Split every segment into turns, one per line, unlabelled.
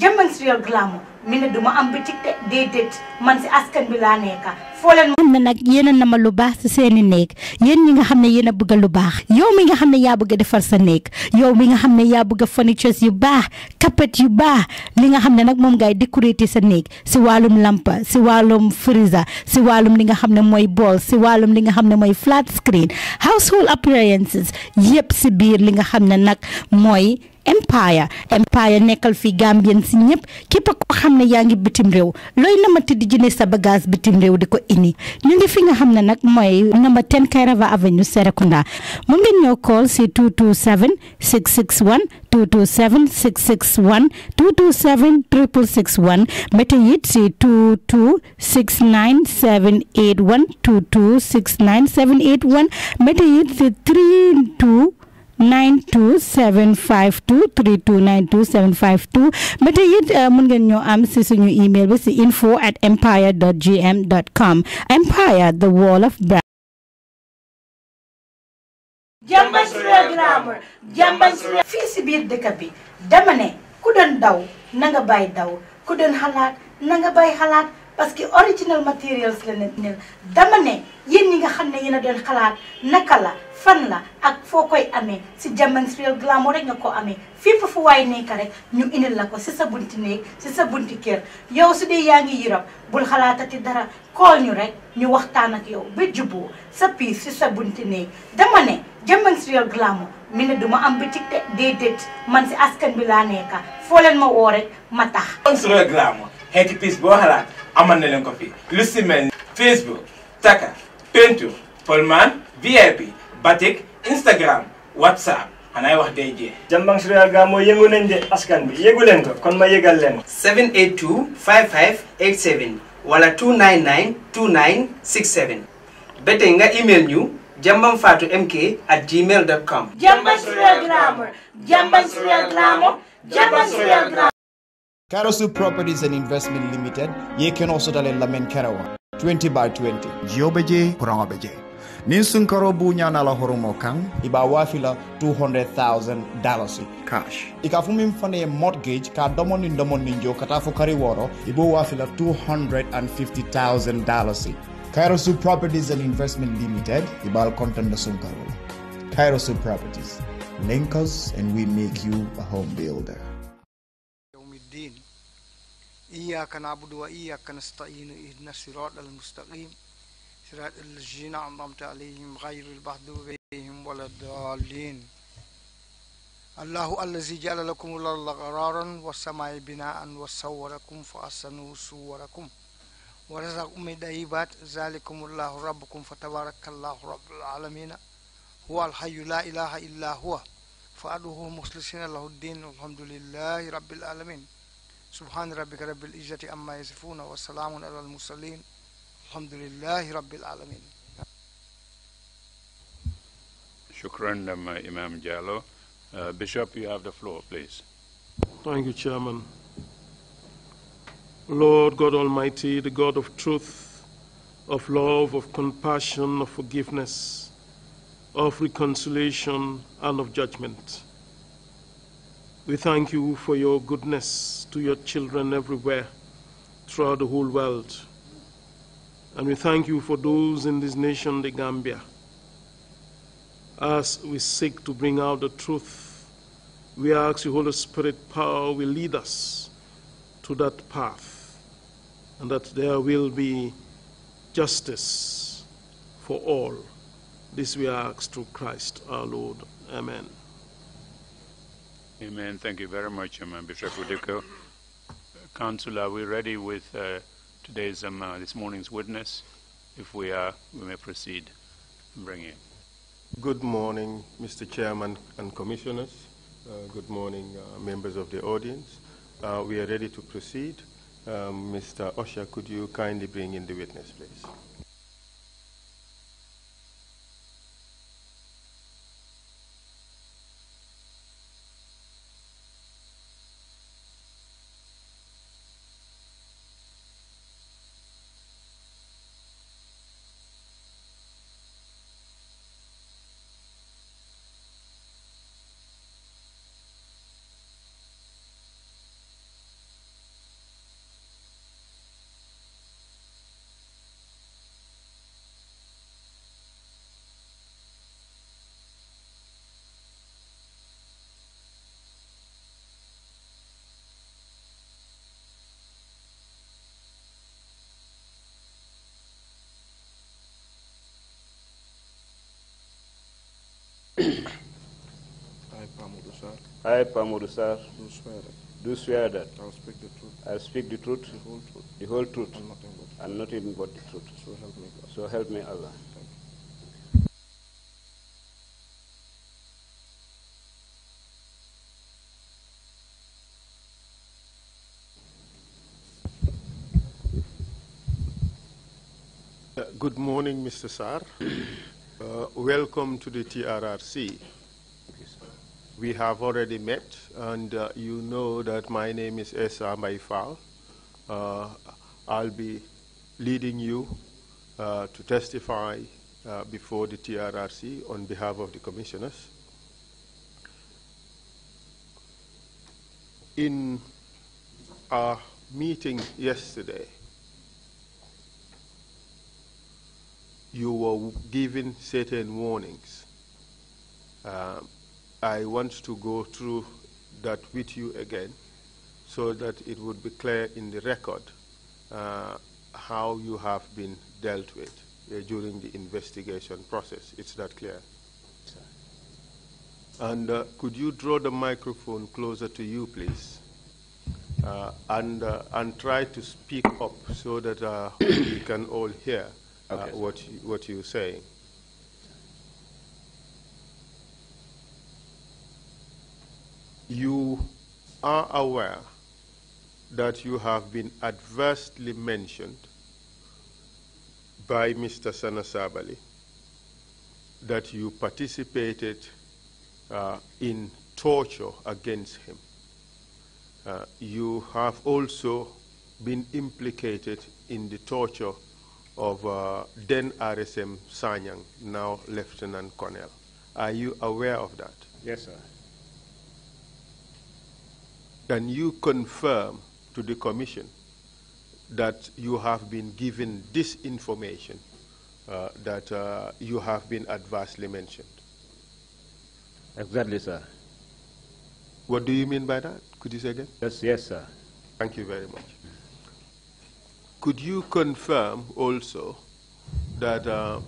jëmmal si your glamour mi ne duma am bitik de man si askan bi laa nekka foo leen xam ne nag yéen a na lu baax si seeni néeg yéen ñi nga xam ne yéen a bëgg lu baax yow mi nga xam ne yaa bëgg a defar sa néeg yow mi nga xam ne yaa bëgg a furnitures yu baax carpet yu baax li nga xam ne nag moom ngay décorer sa néeg si wàllum lampa si wàllum frisa si wàllum li nga xam ne mooy bool si wàllum li nga xam ne mooy flat screen household appliances yëpp si biir li nga xam ne nag mooy empire empire nekkal fi Gambien si ñëpp képp ko xam ne yaa ngi bitim réew looy namati di jëne sa bagage bitim réew di ko indi ñu ngi fi nga xam ne nag mooy number 10 Kairaba Avenue Serekunda mu ngeen ñoo call si 227 661 227 661 227 661 mbete it si 2269781 2269781 mbete it c 32 92752 32 92752 ba tey it uh, mun ngeen ñoo am si suñu email bi si info at empire gm dot com empire the wall of brand. fii si biir dëkk bi dama ne ku doon daw na nga bàyyi daw ku doon xalaat na nga bàyyi xalaat parce que original materials la ne dama ne yéen ñi nga xam ne yéen a doon naka la. fan la ak foo koy amee si Jammansreal Glamour rek nga ko amee fépp fu waay nekk rek ñu indil la ko si sa bunti néeg si sa bunti kër yow su dee yaa ngi Europe bul xalaatati dara call ñu rek ñu waxtaan ak yow ba juboo sa piis si sa bunti néeg dama ne Jammansreal Glamour mi ne duma am boutique de déedéet man si askan bi laa nekka foo leen ma woo rek ma tax.
Jammansreal Glamour xeeti piis boo xalaat amal na leen ko fii lu si mel Facebook taka peinture Batik Instagram WhatsApp xanaay wax day jeex. Jambang Suryal Gammo yëngu nañ de askan bi yëgu leen ko kon ma yëgal leen. 782 55 87 wala 299 29 67 ba tey nga email ñu. Jambang Fatou MK at gmail dot com.
Jambang a Gammo Jambang Suryal Gammo Jambang Suryal Gammo.
Karasu Properties and Investment Limited, ye ken lamen karawa 20 by 20. Jiobeje, kurangobeje. nin sunkaro buɲana la horomo kaŋ i b'a waafi la 200000 dollars cash i k'a fɔ min fana ye mortgage k'a domo ni domo ni jo ka taa fɔ kari wɔɔrɔ i b'o waafi la 250000 dollars kairosu properties and investment limited i al content da sunkaro la kairosu properties link us and we make you a home builder إياك iya وإياك نستعين إهدنا الصراط mustaqim صراط الذين أنعمت عليهم غير المغضوب عليهم ولا الضالين الله الذي جعل لكم الأرض قرارا والسماء بناء وصوركم فأحسنوا صوركم ورزقكم من طيبات ذلكم الله ربكم فتبارك الله رب العالمين هو الحي لا إله إلا هو فأدوه مخلصين له الدين والحمد لله رب العالمين سبحان ربك رب العزة أما يصفون وسلام على المرسلين Elhamdülillahi Rabbil Alemin.
Shukran, um, Imam Jallo. Uh, Bishop, you have the floor, please.
Thank you, Chairman. Lord God Almighty, the God of truth, of love, of compassion, of forgiveness, of reconciliation, and of judgment. We thank you for your goodness to your children everywhere throughout the whole world. And we thank you for those in this nation, the Gambia, as we seek to bring out the truth. We ask you, Holy Spirit, power will lead us to that path, and that there will be justice for all. This we ask through Christ our Lord. Amen.
Amen. Thank you very much, Imam Bishop Udiko. Council, are we ready with uh, today's um, uh, this morning's witness. If we are, we may proceed. Bring in.
Good morning, Mr. Chairman and Commissioners. Uh, good morning, uh, members of the audience. Uh, we are ready to proceed. Um, Mr. Osha, could you kindly bring in the witness, please?
I,
promise, do swear do swear that I will speak the truth, I will speak the truth, the whole truth, the whole truth and, nothing but, and nothing but the truth. So help me God. So help me Allah.
Uh, good morning, Mr. Sar. Uh, welcome to the TRRC. We have already met, and uh, you know that my name is Esa Maifal. Uh, I'll be leading you uh, to testify uh, before the TRRC on behalf of the commissioners. In our meeting yesterday, you were given certain warnings. Um, I want to go through that with you again so that it would be clear in the record uh, how you have been dealt with uh, during the investigation process. It's that clear? And uh, could you draw the microphone closer to you, please? Uh, and, uh, and try to speak up so that uh, we can all hear okay. what, you, what you're saying. you are aware that you have been adversely mentioned by Mr. Sanasabali, that you participated uh, in torture against him. Uh, you have also been implicated in the torture of uh, then RSM Sanyang, now Lieutenant Colonel. Are you aware of that? Yes, sir. Can you confirm to the commission that you have been given this information uh, that uh, you have been adversely mentioned. Exactly, sir. What do you mean by that? Could you say again? Yes, yes, sir. Thank you very much. Could you confirm also that uh,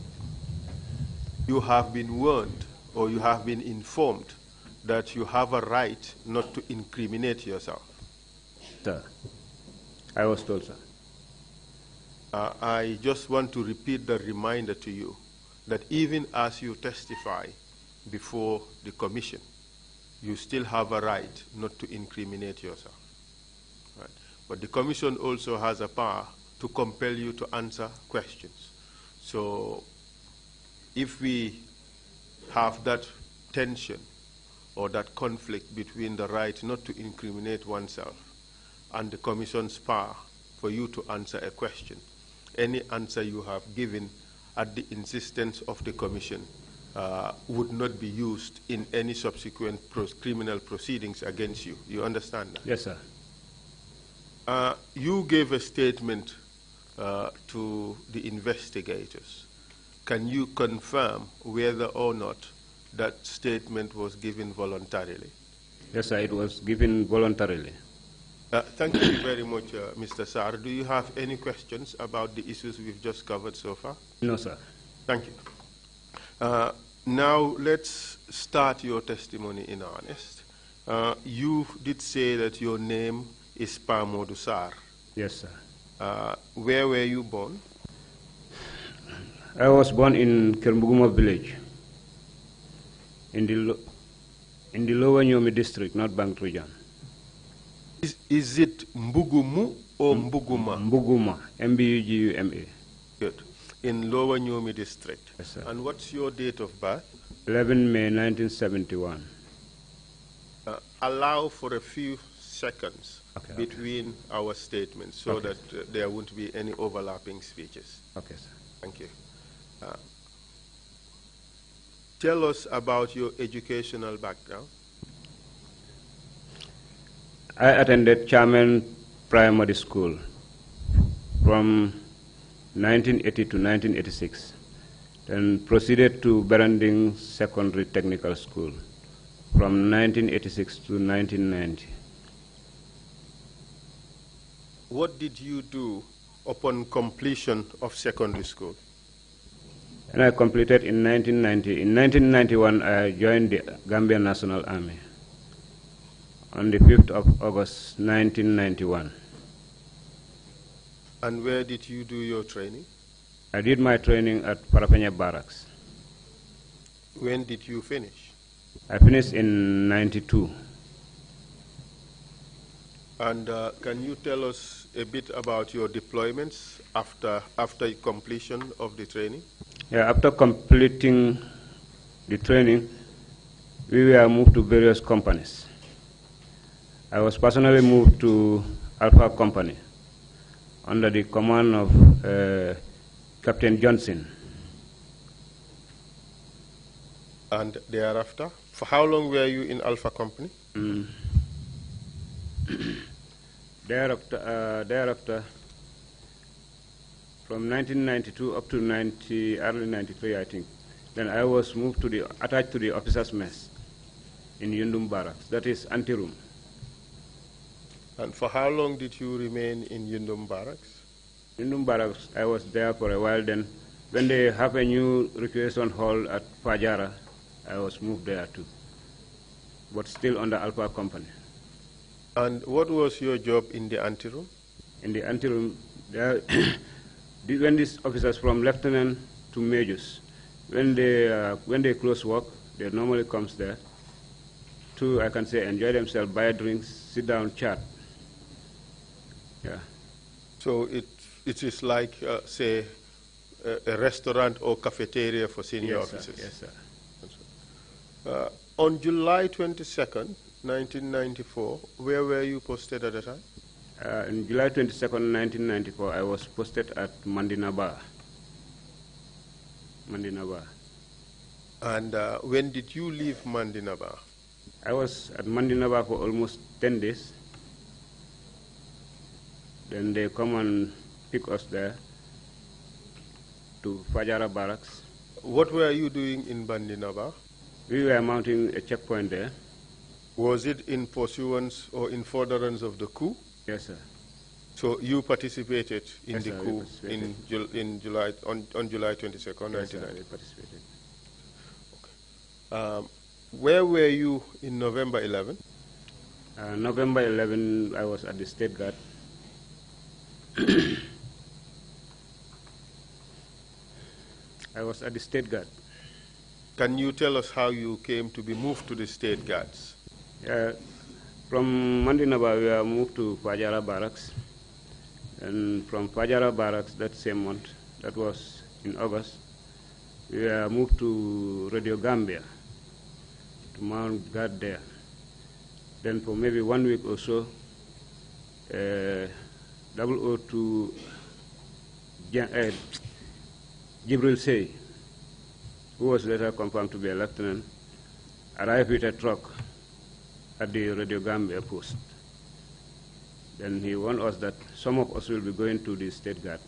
you have been warned or you have been informed that you have a right not to incriminate yourself.
Sir, I was told, sir.
Uh, I just want to repeat the reminder to you that even as you testify before the commission, you still have a right not to incriminate yourself. Right? But the commission also has a power to compel you to answer questions. So if we have that tension or that conflict between the right not to incriminate oneself and the commission's power for you to answer a question. Any answer you have given at the insistence of the commission uh, would not be used in any subsequent criminal proceedings against you. You understand that? Yes, sir. Uh, you gave a statement uh, to the investigators. Can you confirm whether or not that statement was given voluntarily.
Yes, sir, it was given voluntarily.
Uh, thank you very much, uh, Mr. Sar. Do you have any questions about the issues we've just covered so far? No, sir. Thank you. Uh, now, let's start your testimony in earnest. Uh, you did say that your name is Pamodu Sar. Yes, sir. Uh, where were you born?
I was born in Kermuguma village in the, in the Lower Nyomi district, not Bangtujan. Is, is
it Mbugumu or Mbuguma? Mbuguma, M-B-U-G-U-M-A. Good. In Lower Nyomi district. Yes, and what's your date of birth?
11 May 1971.
Uh, allow for a few seconds okay, between okay. our statements so okay. that uh, there won't be any overlapping speeches. Okay, sir. Thank you. Uh, Tell us about your educational background.
I attended Chairman Primary School from 1980 to 1986, then proceeded to Berending Secondary Technical School from 1986 to 1990.
What did you do upon completion of secondary school?
And I completed in 1990. In 1991, I joined the Gambian National Army on the 5th of August, 1991.
And where did you do your training?
I did my training at Parapenya Barracks.
When did you finish?
I finished in 92.
And uh, can you tell us a bit about your deployments after, after completion of the training?
Yeah, after completing the training, we were moved to various companies. I was personally moved to Alpha Company under the command of uh, Captain Johnson.
And thereafter, for how long were you in Alpha Company?
Mm.
thereafter, uh, thereafter, from 1992 up to 90, early 93, I think. Then I was moved to the, attached to the officers' mess in Yundum Barracks, that is anteroom. And for how long
did you remain in Yundum Barracks?
Yundum Barracks, I was there for a while then. When they have a new recreation hall at Fajara, I was moved there too, but still under Alpha Company. And what was your job in the anteroom? In the anteroom, there when these officers from lieutenant to majors, when they, uh, when they close work, they normally comes there to, I can say, enjoy themselves, buy drinks, sit down, chat.
Yeah. So it, it is like, uh, say, a, a, restaurant or cafeteria for senior yes, officers? Sir. Yes, sir. Uh, on July 22nd, 1994, where were you posted at the time?
Uh, in July 22, 1994, I was posted at Mandinaba. Mandinaba. And uh, when did you leave Mandinaba? I was at Mandinaba for almost 10 days. Then they come and pick us there
to Fajara Barracks. What were you doing in Mandinaba? We were mounting a checkpoint there. Was it in pursuance or in furtherance of the coup? Yes, sir. So you participated in yes, the sir, coup in, in July on, on July 22nd, yes, participated. Okay. Um, where were you in November 11? Uh, November 11, I was at the State Guard. I was at the State Guard. Can you tell us how you came to be moved to the State Guards? Uh, from Mandinaba, we were moved to Fajara
Barracks. And from Fajara Barracks that same month, that was in August, we were moved to Radio Gambia, to Mount Guard there. Then for maybe one week or so, uh, 002 Jan uh, Jibril Sey, who was later confirmed to be a lieutenant, arrived with a truck at the Radio Gambia post. Then he warned us that some of us will be going to the state guard.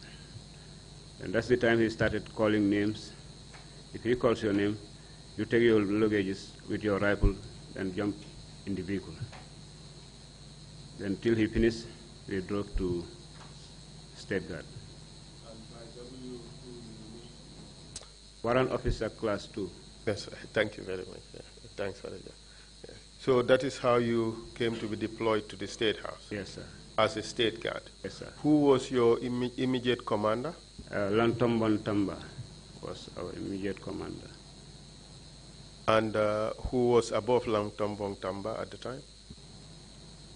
And that's the time he started calling names. If he calls your name, you take your luggages with your rifle and jump in the vehicle. till he finished, we drove to state guard.
Warrant officer class two. Yes, thank you very much. Thanks for that. So that is how you came to be deployed to the State House? Yes, sir. As a state guard? Yes, sir. Who was your Im immediate commander? Uh, Lantomba Ntamba was our immediate commander. And uh, who was above Lantomba Ntamba at the time?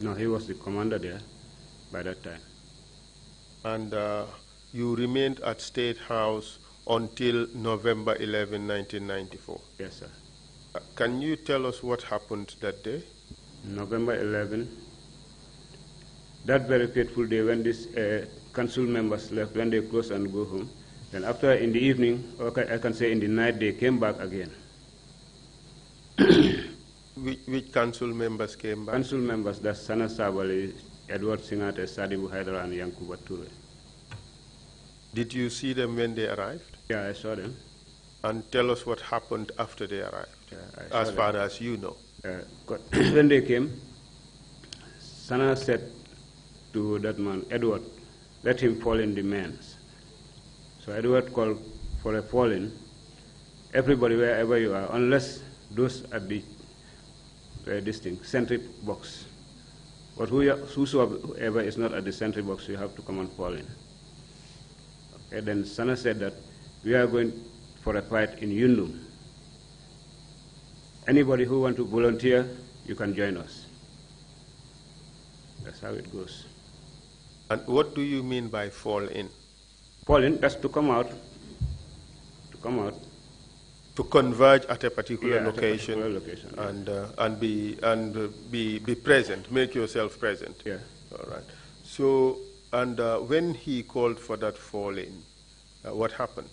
No, he was the commander there by that time. And uh, you remained at State House until November 11, 1994? Yes, sir. Can you tell us what happened that day? November 11. That
very fateful day when these uh, council members left, when they close and go home. Then after in the evening, or I can say in the night, they came back again.
which, which, council members came back? Council members,
that's Sana Sabali, Edward Singate,
Sadibu Hydra, and Yankuba Ture. Did you see them when they arrived? Yeah, I saw them. And tell us what happened after they arrived as far as you know. when they came, Sana said
to that man, Edward, let him fall in the men's. So Edward called for a falling. Everybody, wherever you are, unless those at the very uh, distinct sentry box. But whosoever is not at the sentry box, you have to come and fall in. Okay, then Sana said that we are going for a fight in Yundum. Anybody who want to volunteer, you can join us. That's how it goes.
And what do you mean by fall in? Fall in, that's to come out. To come out. To converge at a particular yeah, location, a particular location yeah. and uh, and be and uh, be be present. Make yourself present. Yeah. All right. So and uh, when he called for that fall in, uh, what happened?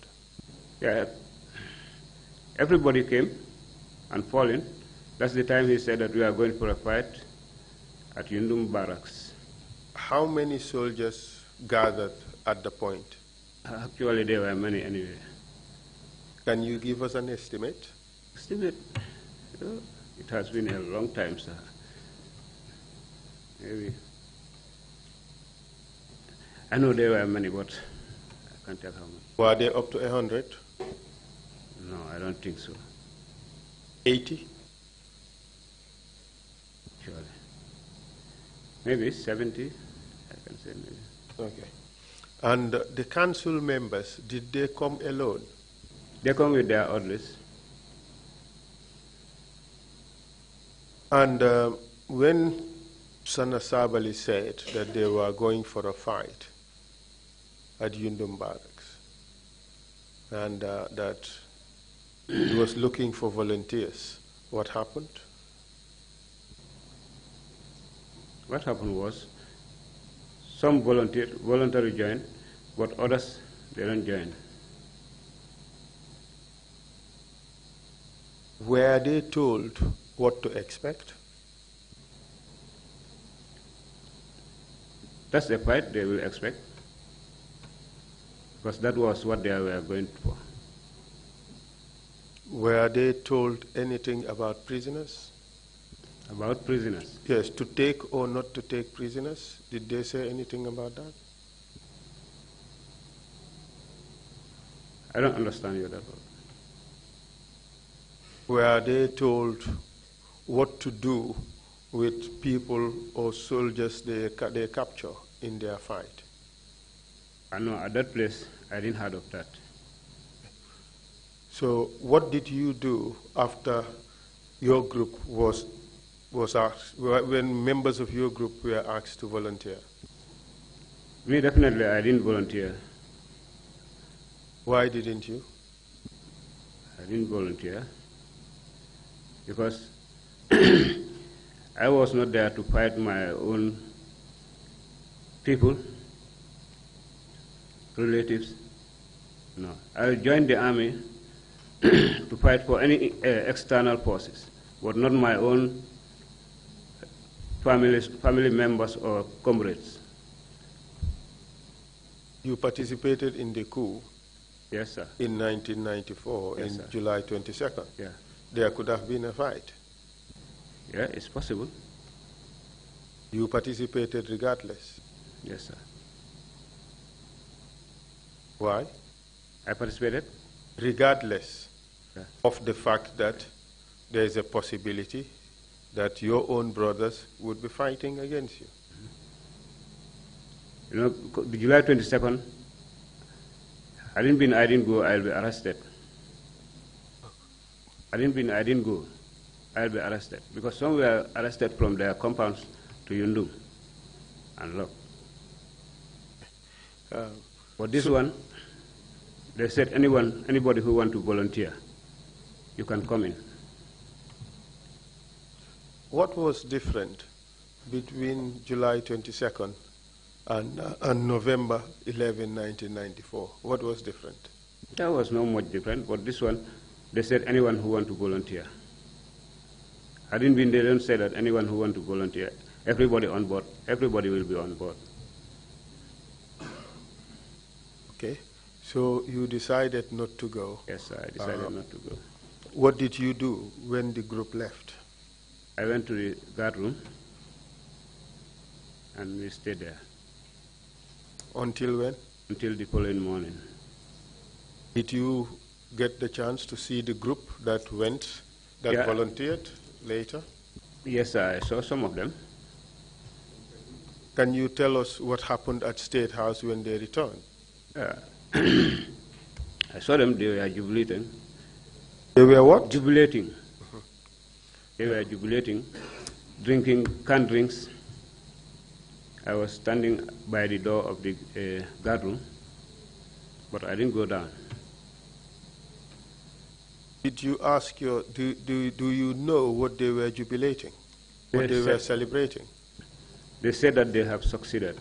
Yeah. Everybody came and fallen,
that's the time he said that we are going for a fight at Yundum Barracks. How
many soldiers gathered at the point? Actually, there were many anyway. Can you give us an estimate?
Estimate? Oh,
it has been a long time, sir. Maybe.
I know there were many, but I can't tell how many. Were they up to a 100? No, I don't think so. 80?
Surely. Maybe 70, I can say maybe. Okay. And the council members, did they come alone? They come with their orders. And uh, when Sana Sabali said that they were going for a fight at Yundum Barracks, and uh, that he was looking for volunteers. What happened? What happened was
some volunteer, voluntary joined, but others they don't join.
Were they told what to expect? That's the part they will expect, because that was what they were going for. Were they told anything about prisoners? About prisoners? Yes, to take or not to take prisoners. Did they say anything about that? I don't understand your that. Were they told what to do with people or soldiers they, they capture in their fight?
I know at that place I didn't heard of that.
So what did you do after your group was, was asked, when members of your group were asked to volunteer? Me, definitely, I didn't volunteer. Why didn't
you? I didn't volunteer because I was not there to fight my own people, relatives. No. I joined the army to fight for any uh, external forces, but not my own families, family members or comrades.
You participated in the coup yes, sir. in 1994, yes, in sir. July 22nd. Yeah. There could have been a fight. Yeah, it's possible. You participated regardless? Yes, sir. Why? I participated? Regardless of the fact that there is a possibility that your own brothers would be fighting against you.
You know, July 22nd,
did not mean I didn't go,
I'll be arrested. I did not mean I didn't go, I'll be arrested. Because some were arrested from their compounds to Yundu, and look. Uh, but this so one, they said anyone, anybody who want to volunteer, you can come in.
What was different between July 22nd and, uh, and November 11, 1994? What was different? There was
no much different, but this one,
they said anyone who want to volunteer.
Hadn't been they don't say that anyone who want to volunteer, everybody on board, everybody will be on board.
Okay, so you decided not to go. Yes, I decided uh, not to go. What did you do when the group left? I went to the guard room and we stayed there. Until when? Until the following morning. Did you get the chance to see the group that went, that yeah. volunteered later? Yes, I saw some of them. Can you tell us what happened at State House when they returned? Uh, I saw them, they were jubilating. They were what? Jubilating. They
were jubilating, drinking canned drinks. I was standing
by the door of the uh, guard room, but I didn't go down. Did you ask your, do, do, do you know what they were jubilating, what they, they said, were celebrating? They said that they have succeeded.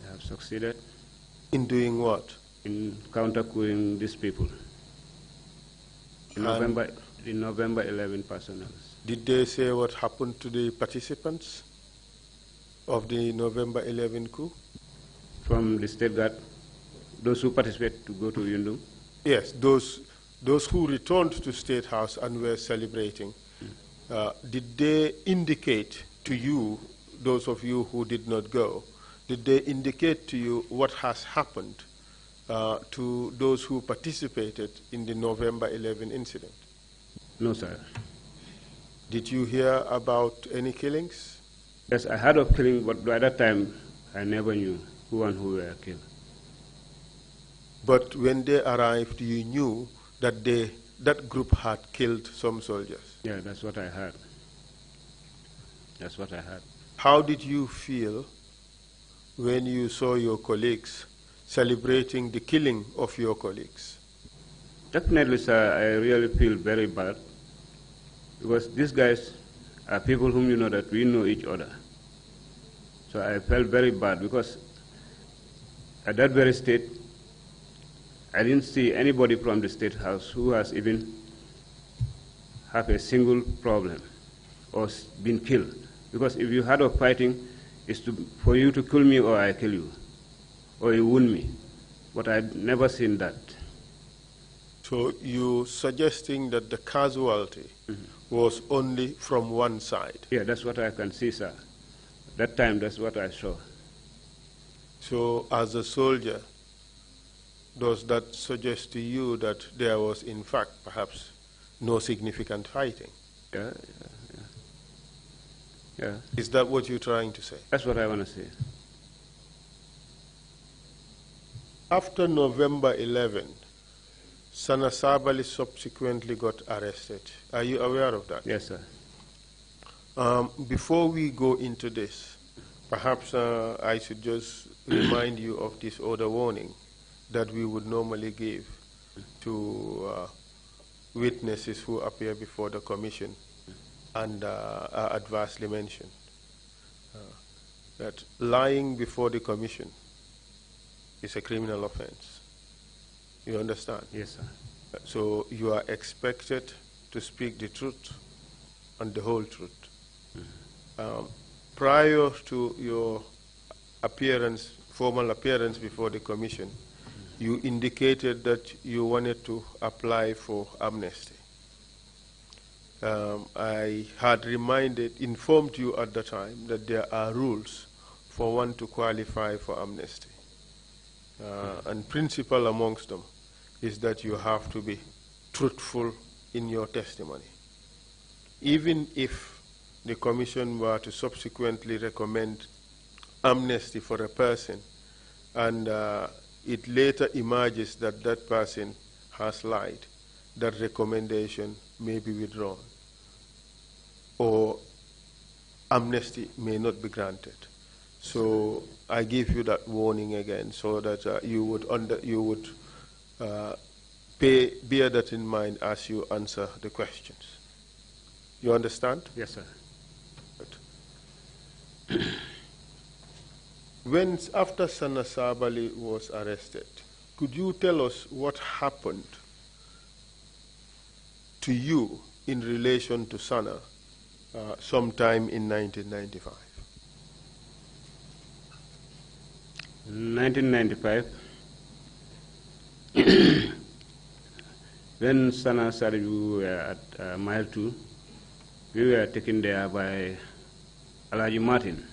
They have succeeded. In doing what? In
counter these people. In November,
in November 11 personnel. Did they say what happened to the participants of the November 11 coup?
From the state guard, those who participated
to go to Yundum? Yes, those, those who returned to State House and were celebrating. Mm. Uh, did they indicate to you, those of you who did not go, did they indicate to you what has happened uh, to those who participated in the November 11 incident? No, sir. Did you hear about any killings? Yes, I heard of killings, but by that time I never knew who and who were killed. But when they arrived, you knew that they, that group had killed some soldiers. Yeah, that's what I heard.
That's what I heard.
How did you feel when you saw your colleagues celebrating the killing of your colleagues? Definitely, sir, I really feel very bad
because these guys are people whom you know that we know each other. So I felt very bad because at that very state, I didn't see anybody from the State House who has even have a single problem or been killed. Because if you had a fighting, it's to, for you to kill me or I kill you or oh, he wound me. But I've never seen that.
So you're suggesting that the casualty mm -hmm. was only from one side? Yeah, that's what I can see, sir. That time, that's what I saw. So, as a soldier, does that suggest to you that there was, in fact, perhaps no significant fighting? Yeah, yeah, yeah. yeah. Is that what you're trying to say? That's what I want to say. After November 11, Sana Sabali subsequently got arrested. Are you aware of that? Yes, sir. Um, before we go into this, perhaps uh, I should just remind you of this order warning that we would normally give to uh, witnesses who appear before the commission and uh, are adversely mentioned. Uh, that lying before the commission is a criminal offense. You understand? Yes, sir. So you are expected to speak the truth and the whole truth. Mm -hmm. um, prior to your appearance, formal appearance before the commission, mm -hmm. you indicated that you wanted to apply for amnesty. Um, I had reminded, informed you at the time that there are rules for one to qualify for amnesty uh, and principle amongst them is that you have to be truthful in your testimony. Even if the commission were to subsequently recommend amnesty for a person and uh, it later emerges that that person has lied, that recommendation may be withdrawn or amnesty may not be granted. So I give you that warning again so that uh, you would, under, you would uh, pay, bear that in mind as you answer the questions. You understand? Yes, sir. Right. when after Sana Sabali was arrested, could you tell us what happened to you in relation to Sana uh, sometime in 1995? 1995,
Then Sana started, we were at uh, mile two. We were taken there by Alaji Martin.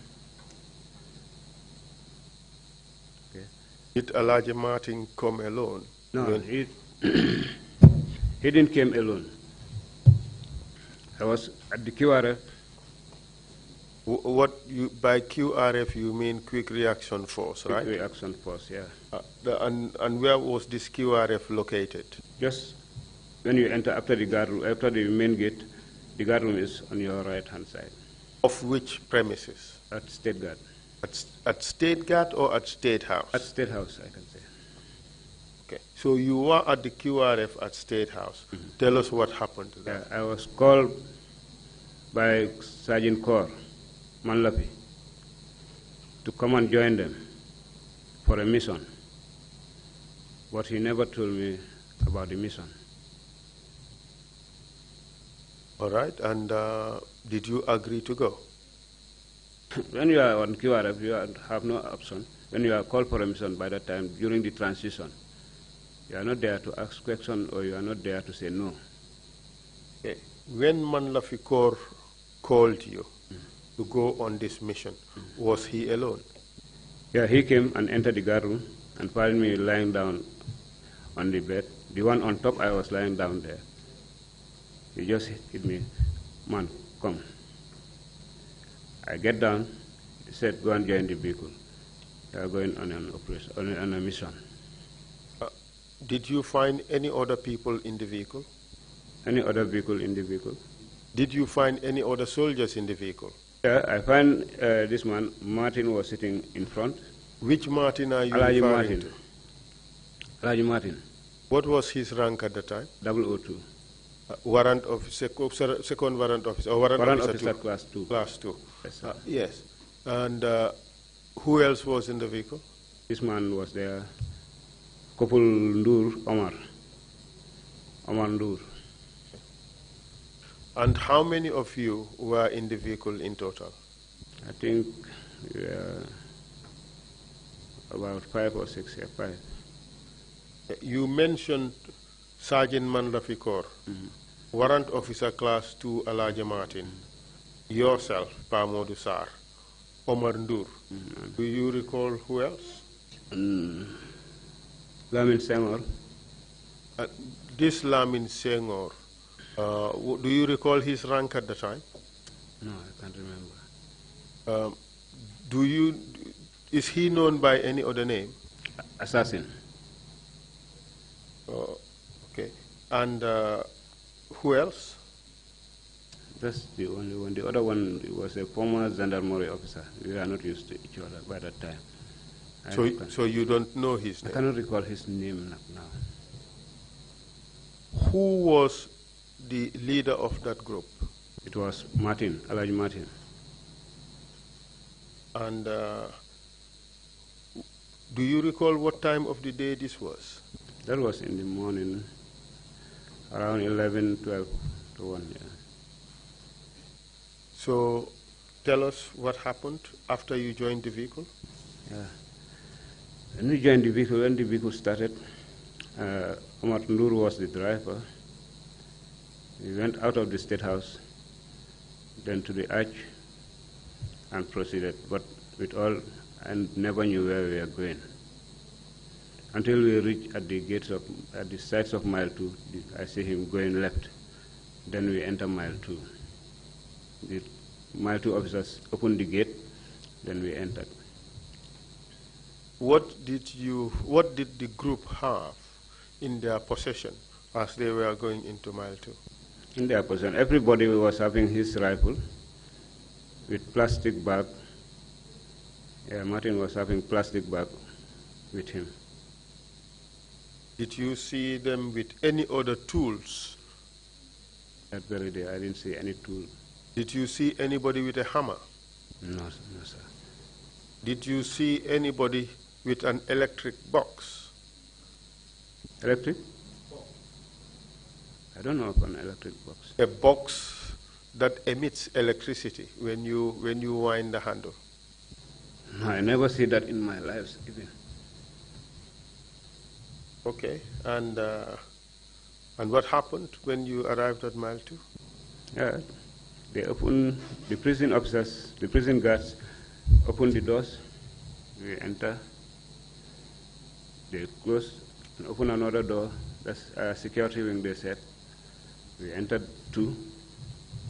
Okay. Did Alaji Martin come alone? No, he, he didn't come alone. I was at the Kiwara what you, by QRF you mean quick reaction force, quick right? Quick reaction force, yeah. Uh, the, and, and where was this QRF located? Just when you enter after the guard room, after the main gate, the guard room is on your right hand side. Of which premises? At State Guard. At, at State Guard or at State House? At State House, I can say. Okay. So you were at the QRF at State House. Mm -hmm. Tell us what happened. Yeah, I was called by Sergeant Corr Manlapi
to come and join them for a mission. But he never told me about the mission. All right, and uh, did you agree to go? when you are on QRF, you have no option. When you are called for a mission by that time, during the transition,
you are not there to ask questions or you are not there to say no. Okay. When Manlafikor called you, to go on this mission. Was he alone? Yeah, he came and entered the guard room and found me lying down
on the bed. The one on top, I was lying down there. He just hit me, man, come. I get down. He said, go and join the vehicle. They are going on an operation, on, on a mission.
Uh, did you find any other people in the vehicle? Any other vehicle in the vehicle? Did you find any other soldiers in the vehicle? Uh, I find uh, this man, Martin, was sitting in front. Which Martin are you Alaji referring Martin. to? Alaji Martin. What was his rank at the time? 002. Uh, warrant officer, oh, second warrant officer, or oh, warrant, warrant officer, officer two. class 2. Class 2. Yes. Uh, yes. And uh, who else was in the vehicle?
This man was there, Kopul
Ndur Omar. Omar Ndur. And how many of you were in the vehicle in total? I think about five or six, yeah, five. You mentioned Sergeant Mandafikor, mm -hmm. Warrant Officer Class 2 Alaja Martin, mm-hmm. yourself, Pamodu Sar, Omar Ndur. Mm -hmm. Do you recall who else? Mm. Lamin Senghor. Uh, this Lamin Senghor, uh, do you recall his rank at the time?
No, I can't remember.
Um, do you? Is he known by any other name? Assassin. Uh, okay. And uh, who else?
That's the only one. The other one was a former gendarmerie officer. We are not used to each
other by that time. so, so you don't know his name? I cannot recall his name now. Who was the leader of that group? It was Martin, Elijah Martin. And uh, do you recall what time of the day this was? That was in the morning, around 11, 12 to 1, yeah. So tell us what happened after you joined the vehicle? Yeah.
When we joined the vehicle, when the vehicle started, uh, Omar Nur was the driver. We went out of the State House, then to the arch, and proceeded, but with all, and never knew where we were going. Until we reached at the gates of, at the sides of mile two, I see him going left. Then we enter mile two. The mile two officers opened the gate, then we entered.
What did you, what did the group have in their possession as they were going into mile two?
in their position. Everybody was having his rifle with plastic bag.
Yeah, Martin was having plastic bag with him. Did you see them with any other tools? That very day, I didn't see any tool. Did you see anybody with a hammer? No, no, sir. Did you see anybody with an electric box? Electric? I don't know about an electric box. A box that emits electricity when you when you wind the handle.
No, I never see that in my life even.
Okay, and uh, and what happened when you arrived at mile two? Yeah,
they opened the prison officers, the prison guards opened the doors. We enter. They close and open another door. That's security wing. They said. We entered two,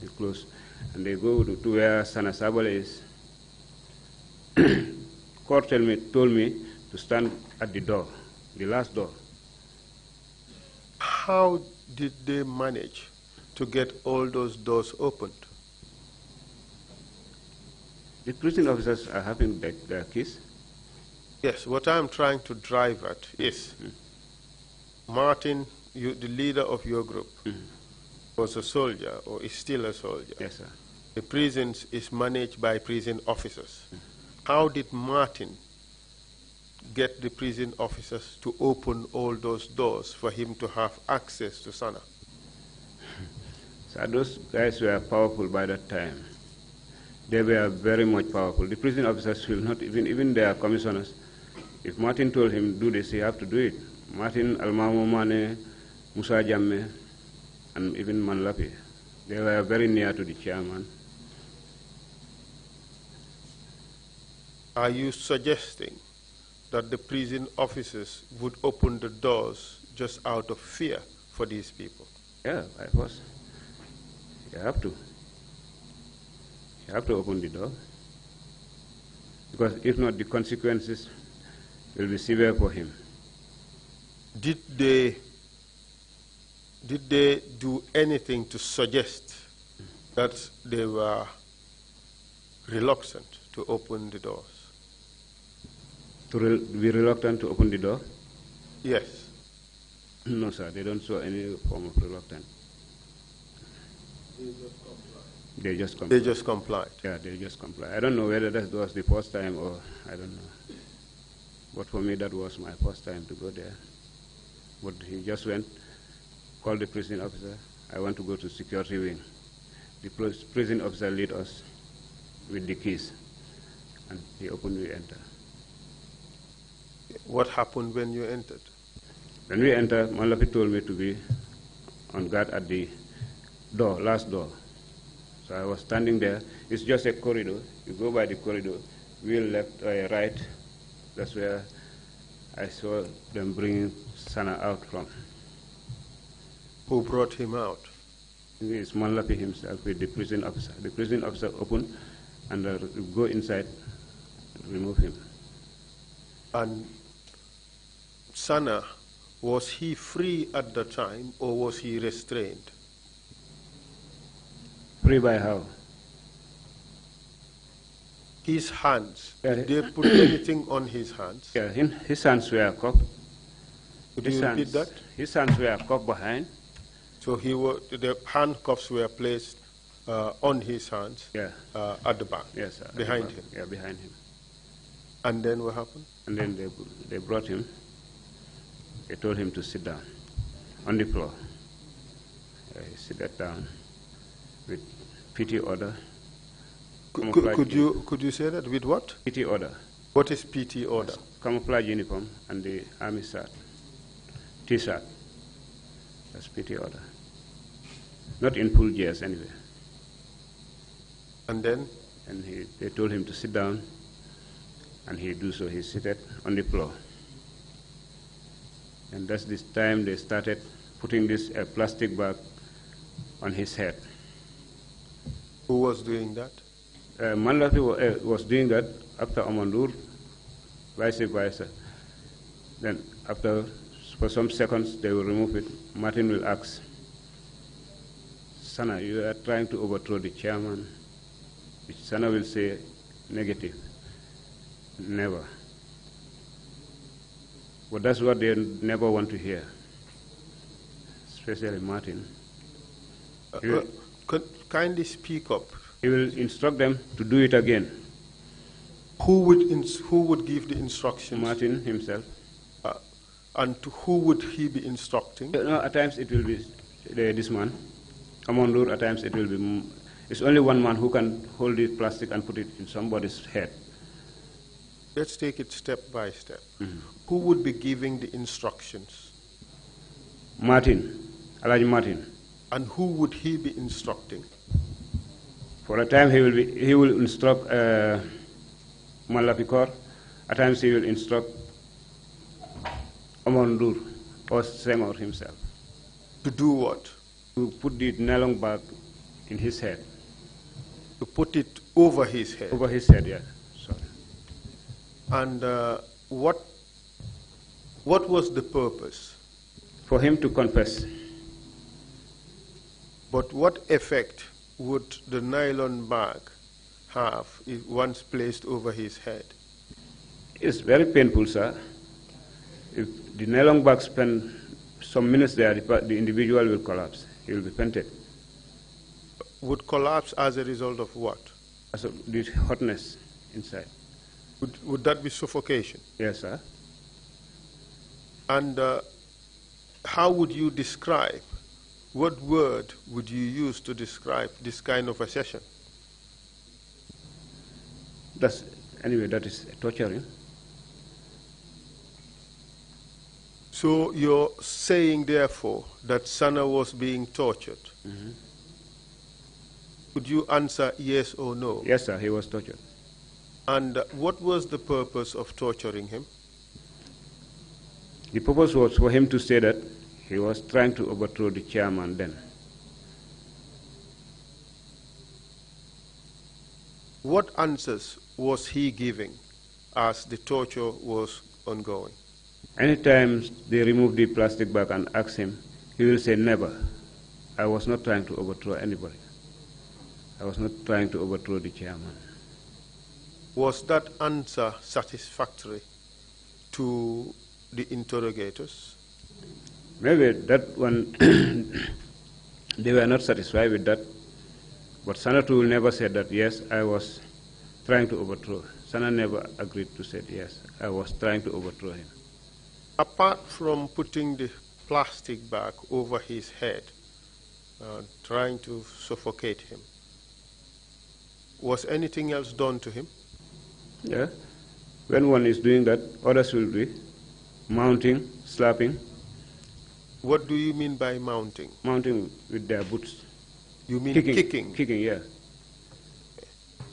they close, and they go to, to where Sanasabala is.
Court told me, told me to stand at the door, the last door. How did they manage to get all those doors opened? The prison officers are having back their keys. Yes, what I'm trying to drive at is mm Martin, you, the leader of your group, mm was a soldier or is still a soldier. Yes, sir. The prisons is managed by prison officers. Mm. How did Martin get the prison officers to open all those doors for him to have access to Sana? so those guys
were powerful by that time. They were very much powerful. The prison officers will not, even, even their commissioners, if Martin told him do this, he have to do it. Martin, Almamo Mane, Musa Jamme, and even Manlapi. They were very
near to the chairman. Are you suggesting that the prison officers would open the doors just out of fear for these people?
Yeah, of course. You have to. You have to open the door. Because if not, the consequences will be severe for him.
Did they did they do anything to suggest that they were reluctant to open the doors?
To re be reluctant to open the door? Yes. no, sir, they don't show any form of reluctance. They just comply. They just comply. Yeah, they just comply. I don't know whether that was the first time or I don't know. But for me, that was my first time to go there. But he just went called the prison officer, I want to go to security wing. The prison officer led us with the keys, and he opened we enter.
What happened when you entered? When we entered,
Malapi told me to be on guard at the door, last door. So I was standing there. It's just a corridor. You go by the corridor, wheel left or uh, right. That's where I saw them bringing Sana out from. Who brought him out? It's Malapi himself with the prison officer. The prison officer opened and uh, go inside,
remove him. And Sana, was he free at the time or was he restrained? Free by how? His hands. Yeah. Did they put anything on his hands? Yeah, his hands were cupped. Could you hands, that? His hands were cupped behind so he was, the handcuffs were placed uh, on his hands yeah. uh, at the back, yes, sir, behind him. Yeah, behind him. And then what happened?
And then they, they brought him. They told him to sit down on the floor. Uh, he sat down with pity order. Could, could you, could you say that? With what? PT order. What is PT order? Camouflage uniform and the army shirt, T-shirt. That's PT order. Not in full gears, anyway. And then? And he, they told him to sit down, and he do so. He seated on the floor. And that's this time they started putting this uh, plastic bag on his head.
Who was doing that?
Uh, was, uh, was doing that after Amandur, vice versa. Then after, for some seconds, they will remove it. Martin will ask, Sana, you are trying to overthrow the chairman, which Sana will say negative. Never. But that's what they never want to hear, especially Martin. Uh, will, uh, could
kindly speak up. He will instruct them to do it again. Who would, who would give the instructions? Martin himself. Uh, and who would he
be instructing? No, at times it will be uh, this man common rule at times it will be, it's only one man who can hold this plastic and put it in somebody's head.
Let's take it step by step. Mm -hmm. Who would be giving the instructions?
Martin, Alaji Martin.
And who would he be instructing?
For a time he will, be, he will instruct uh, Malapikor. At times he will instruct Amondur or Senghor himself. To do what? to put the nylon bag in his
head. To put it over his head? Over his head, yeah. Sorry. And uh, what, what was the purpose? For him to confess. But what effect would the nylon bag have if once placed over his head?
It's very painful, sir. If the nylon bag spends some minutes there, the individual will collapse. It will be painted.
Would collapse as a result of what? As a, the hotness inside. Would, would that be suffocation? Yes, sir. And uh, how would you describe, what word would you use to describe this kind of a session?
That's, anyway, that is torturing.
So you're saying, therefore, that Sana was being tortured. Mm -hmm. Would you answer yes or no? Yes, sir, he was tortured. And what was the purpose of torturing him?
The purpose was for him to say that he was trying to overthrow the chairman then.
What answers was he giving as the torture was ongoing?
Anytime they remove the plastic bag and ask him, he will say, never. I was not trying to overthrow anybody. I was not trying to overthrow the chairman.
Was that answer satisfactory to the interrogators?
Maybe that one, they were not satisfied with that. But Sanatu will never say that, yes, I was trying to overthrow. Sana never agreed to say, yes, I was trying to overthrow him
apart from putting the plastic bag over his head, uh, trying to suffocate him, was anything else done to him?
Yeah. When one is doing that, others will be mounting, slapping.
What do you mean by mounting?
Mounting with their boots. You mean kicking?
Kicking, kicking yeah.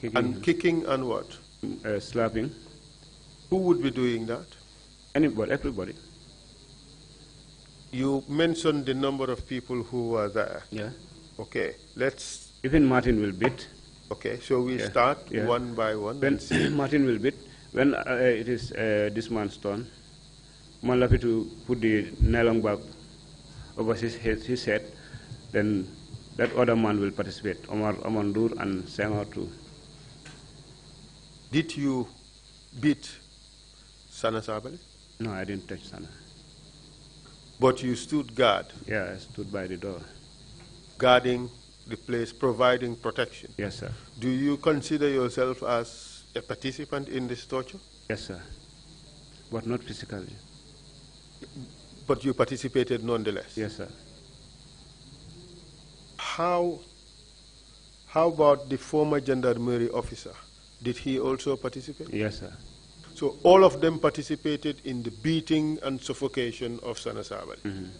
Kicking. And kicking and what? Uh, slapping. Who would be doing that? Anybody, everybody. You mentioned the number of people who were there. Yeah. Okay, let's. Even Martin will beat. Okay, so we yeah. start yeah. one by one. When Martin will beat,
when uh, it is uh, this man's turn, man love to put the nylon bag over his head, his head, then that other man will participate, Omar Amandur and Senghor too.
Did you beat Sana Sabali? No, I didn't touch Sana. But you stood guard? Yeah, I stood by the door. Guarding the place, providing protection? Yes, sir. Do you consider yourself as a participant in this torture? Yes, sir. But not physically. But you participated nonetheless? Yes, sir. How, how about the former gendarmerie officer? Did he also participate? Yes, sir. So all of them participated in the beating and suffocation of Sana Sabali. Mm -hmm.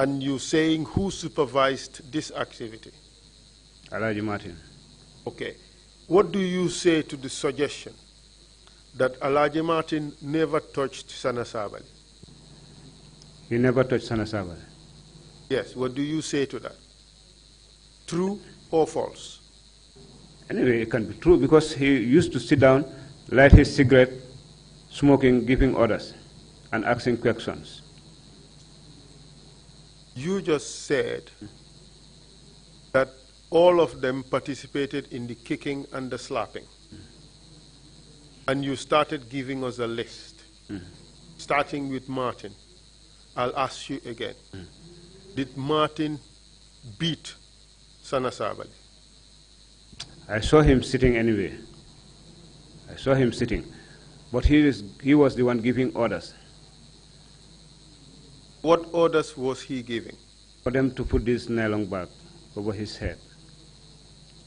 And you're saying who supervised this activity? Alaji Martin. Okay. What do you say to the suggestion that Alaji Martin never touched Sana Sabali?
He never touched Sana Sabali.
Yes. What do you say to that? True or
false? Anyway, it can be true because he used to sit down light his cigarette, smoking, giving orders, and asking questions.
You just said that all of them participated in the kicking and the slapping. Mm. And you started giving us a list, mm. starting with Martin. I'll ask you again. Mm. Did Martin beat Sana
I saw him sitting anyway. I saw him sitting, but he, is, he was the one giving orders. What
orders was he giving?
For them to put this nylon bag over his head.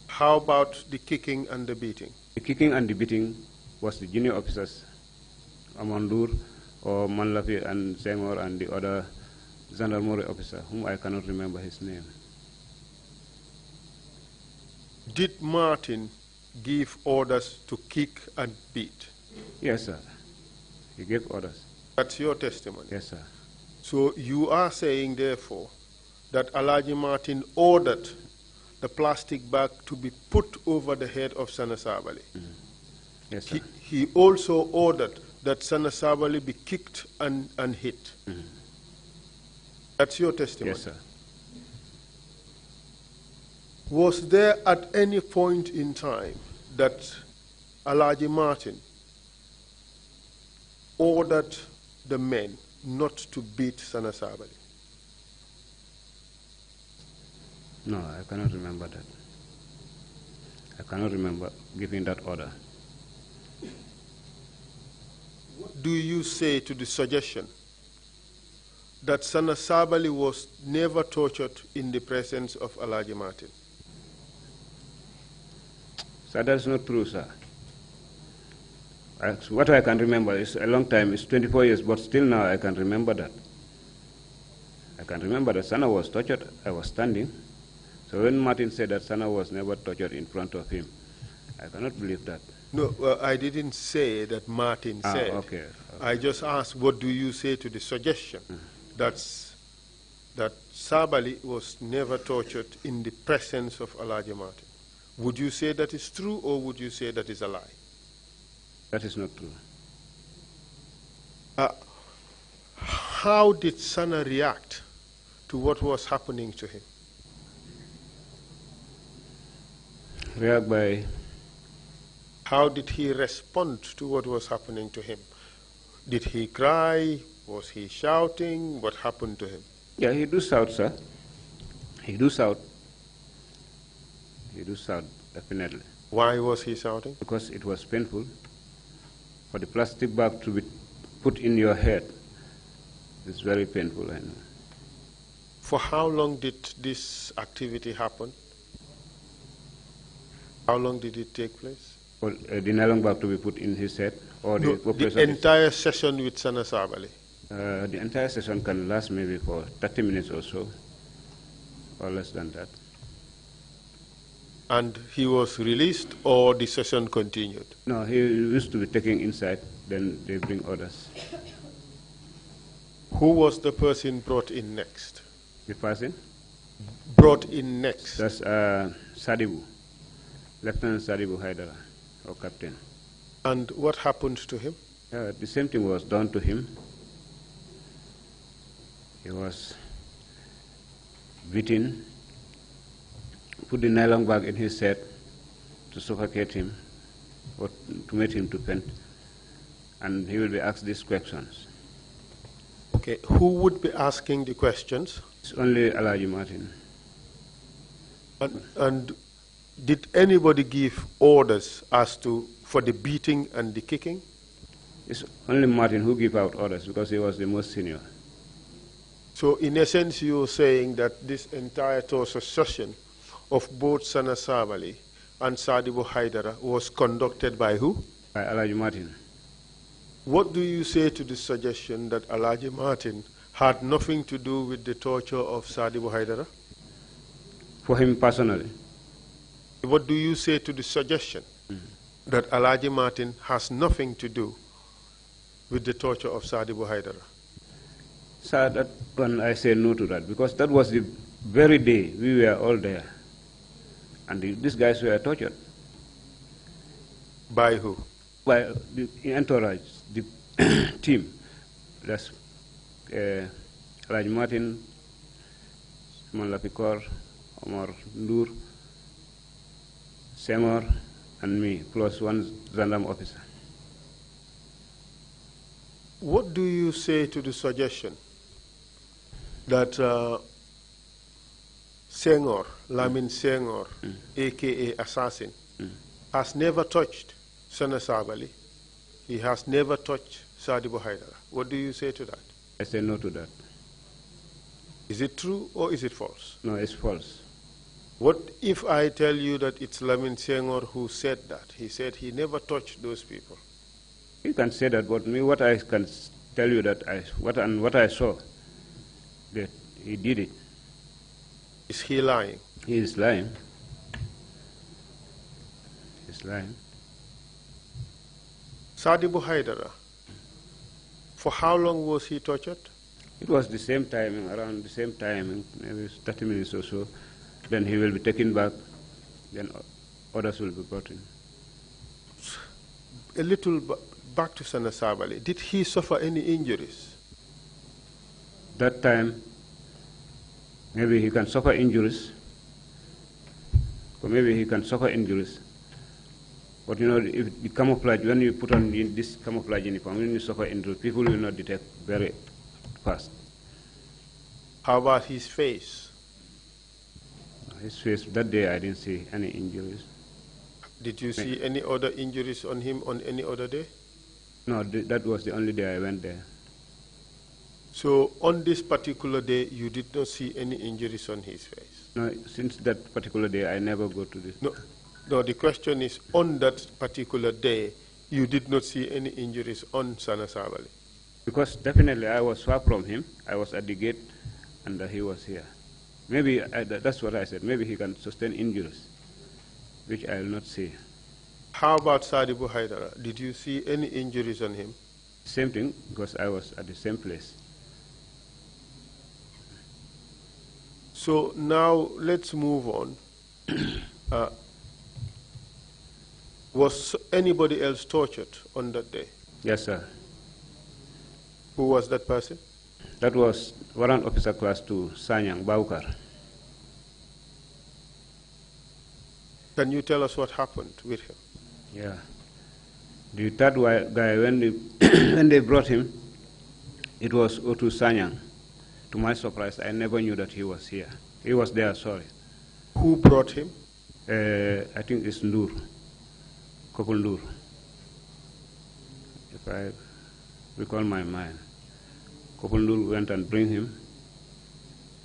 How about the kicking and the beating?
The kicking and the beating was the junior officers, Amandur or Manlafi and Senghor and the other
Zandarmori officer, whom I cannot remember his name. Did Martin give orders to kick and beat? Yes, sir. He gave orders. That's your testimony? Yes, sir. So you are saying, therefore, that Alaji Martin ordered the plastic bag to be put over the head of Sana Mm Yes, sir. He, he, also ordered that Sana be kicked and, and hit. Mm That's your testimony? Yes, sir. Was there at any point in time that Alaji Martin ordered the men not to beat Sana Sabali?
No, I cannot remember that. I cannot remember giving that order.
What do you say to the suggestion that Sana Sabali was never tortured in the presence of Alaji Martin?
So that's not true, sir. what I can remember is a long time, it's 24 years, but still now I can remember that. I can remember that Sana was tortured, I was standing. So when Martin said that Sana was never tortured in front of him, I cannot believe that.
No, well, I didn't say that Martin ah, said. Okay, okay, I just asked, what do you say to the suggestion mm that's, that Sabali was never tortured in the presence of Elijah Martin? Would you say that is true or would you say that is a lie? That is not true. Uh, how did Sana react to what was happening to him?
React by.
How did he respond to what was happening to him? Did he cry? Was he shouting? What happened to him?
Yeah, he do shout, sir. He do shout. He do shout definitely.
Why was he shouting?
Because it was painful for the plastic bag to be put in your head. It's very painful, I know.
For how long did this activity happen? How long did it take place?
Well, uh, the nylon bag to be put in his head, or no, the, the
entire session with Sana Sabali.
Uh, the entire session can last maybe
for 30 minutes or so, or less than that. And he was released or the session continued?
No, he used to be taken inside,
then they bring others. Who was the person brought in next? The person? Brought in next. That's uh, Sadibu,
Lieutenant Sadibu Haidara, or captain. And what happened to him? Uh, the same thing was done to him. He was beaten, put the nylon bag in his head to suffocate him or to make him to faint.
And he will be asked these questions. Okay, who would be asking the questions? It's only Elijah Martin. And, and did anybody give orders as to for the beating and the kicking? It's only Martin who gave out orders because he was the most senior. So, in essence, you're saying that this entire torso session of both Sana Sabali and Sadibu Haidara was conducted by who? By Alaji Martin. What do you say to the suggestion that Alaji Martin had nothing to do with the torture of Sadibu Haidara?
For him personally.
What do you say to the suggestion mm -hmm. that Alaji Martin has nothing to do with the torture of Sadibu Haidara? Sir, that one
I say no to that because that was the very day we were all there. And the, these guys were tortured. By who? By uh, the entourage, the team. That's uh, Raj Martin, Simon Lapicor, Omar Ndur, Senghor, and me, plus one Zandam officer.
What do you say to the suggestion that uh, Lamin Senghor, aka Assassin, has never touched Sana Sabali. He has never touched Sadibu Haidara. What do you say to that?
I say no to that.
Is it true or is it false?
No, it's false.
What if I tell you that it's Lamin Senghor who said that? He said he never touched those people.
You can say that, but me, what I can tell you that I what and what I saw,
that he did it. Is he lying? He is lying. He is lying. Sadibu Haidara, for how long was he tortured? It was the same timing,
around the same timing, maybe 30 minutes or so. Then he will be taken back,
then others will be brought in. A little back to Sanasabali. Did he suffer any injuries? That time, maybe he can suffer injuries so maybe
he can suffer injuries. But you know, if the camouflage, when you put on this camouflage uniform, when you suffer injuries, people will not detect very fast.
How about his face?
Uh, his face, that day I didn't see any injuries.
Did you see any other injuries on him on any other day?
No, that was the only day I went there.
So on this particular day, you did not see any injuries on his face?
No, since that particular day, I never go to
this. No, no, the question is on that particular day, you did not see any injuries on Sana Sabali? Because definitely I was far from him. I was at the gate
and uh, he was here. Maybe I, that's what I said. Maybe he can sustain injuries, which I will not see.
How about Sadibu Haidara? Did you see any injuries on him?
Same thing, because I was at the same place.
So now let's move on. uh, was anybody else tortured on that day? Yes, sir. Who was that person?
That was Warrant Officer Class 2, Sanyang Baukar.
Can you tell us what happened with him?
Yeah. The third guy, when, they when they brought him, it was Otu Sanyang. To my surprise, I never knew that he was here. He was there, sorry.
Who brought him?
Uh, I think it's Nur, Kopul Nur, if I recall my mind. Kopul Nur went and bring him.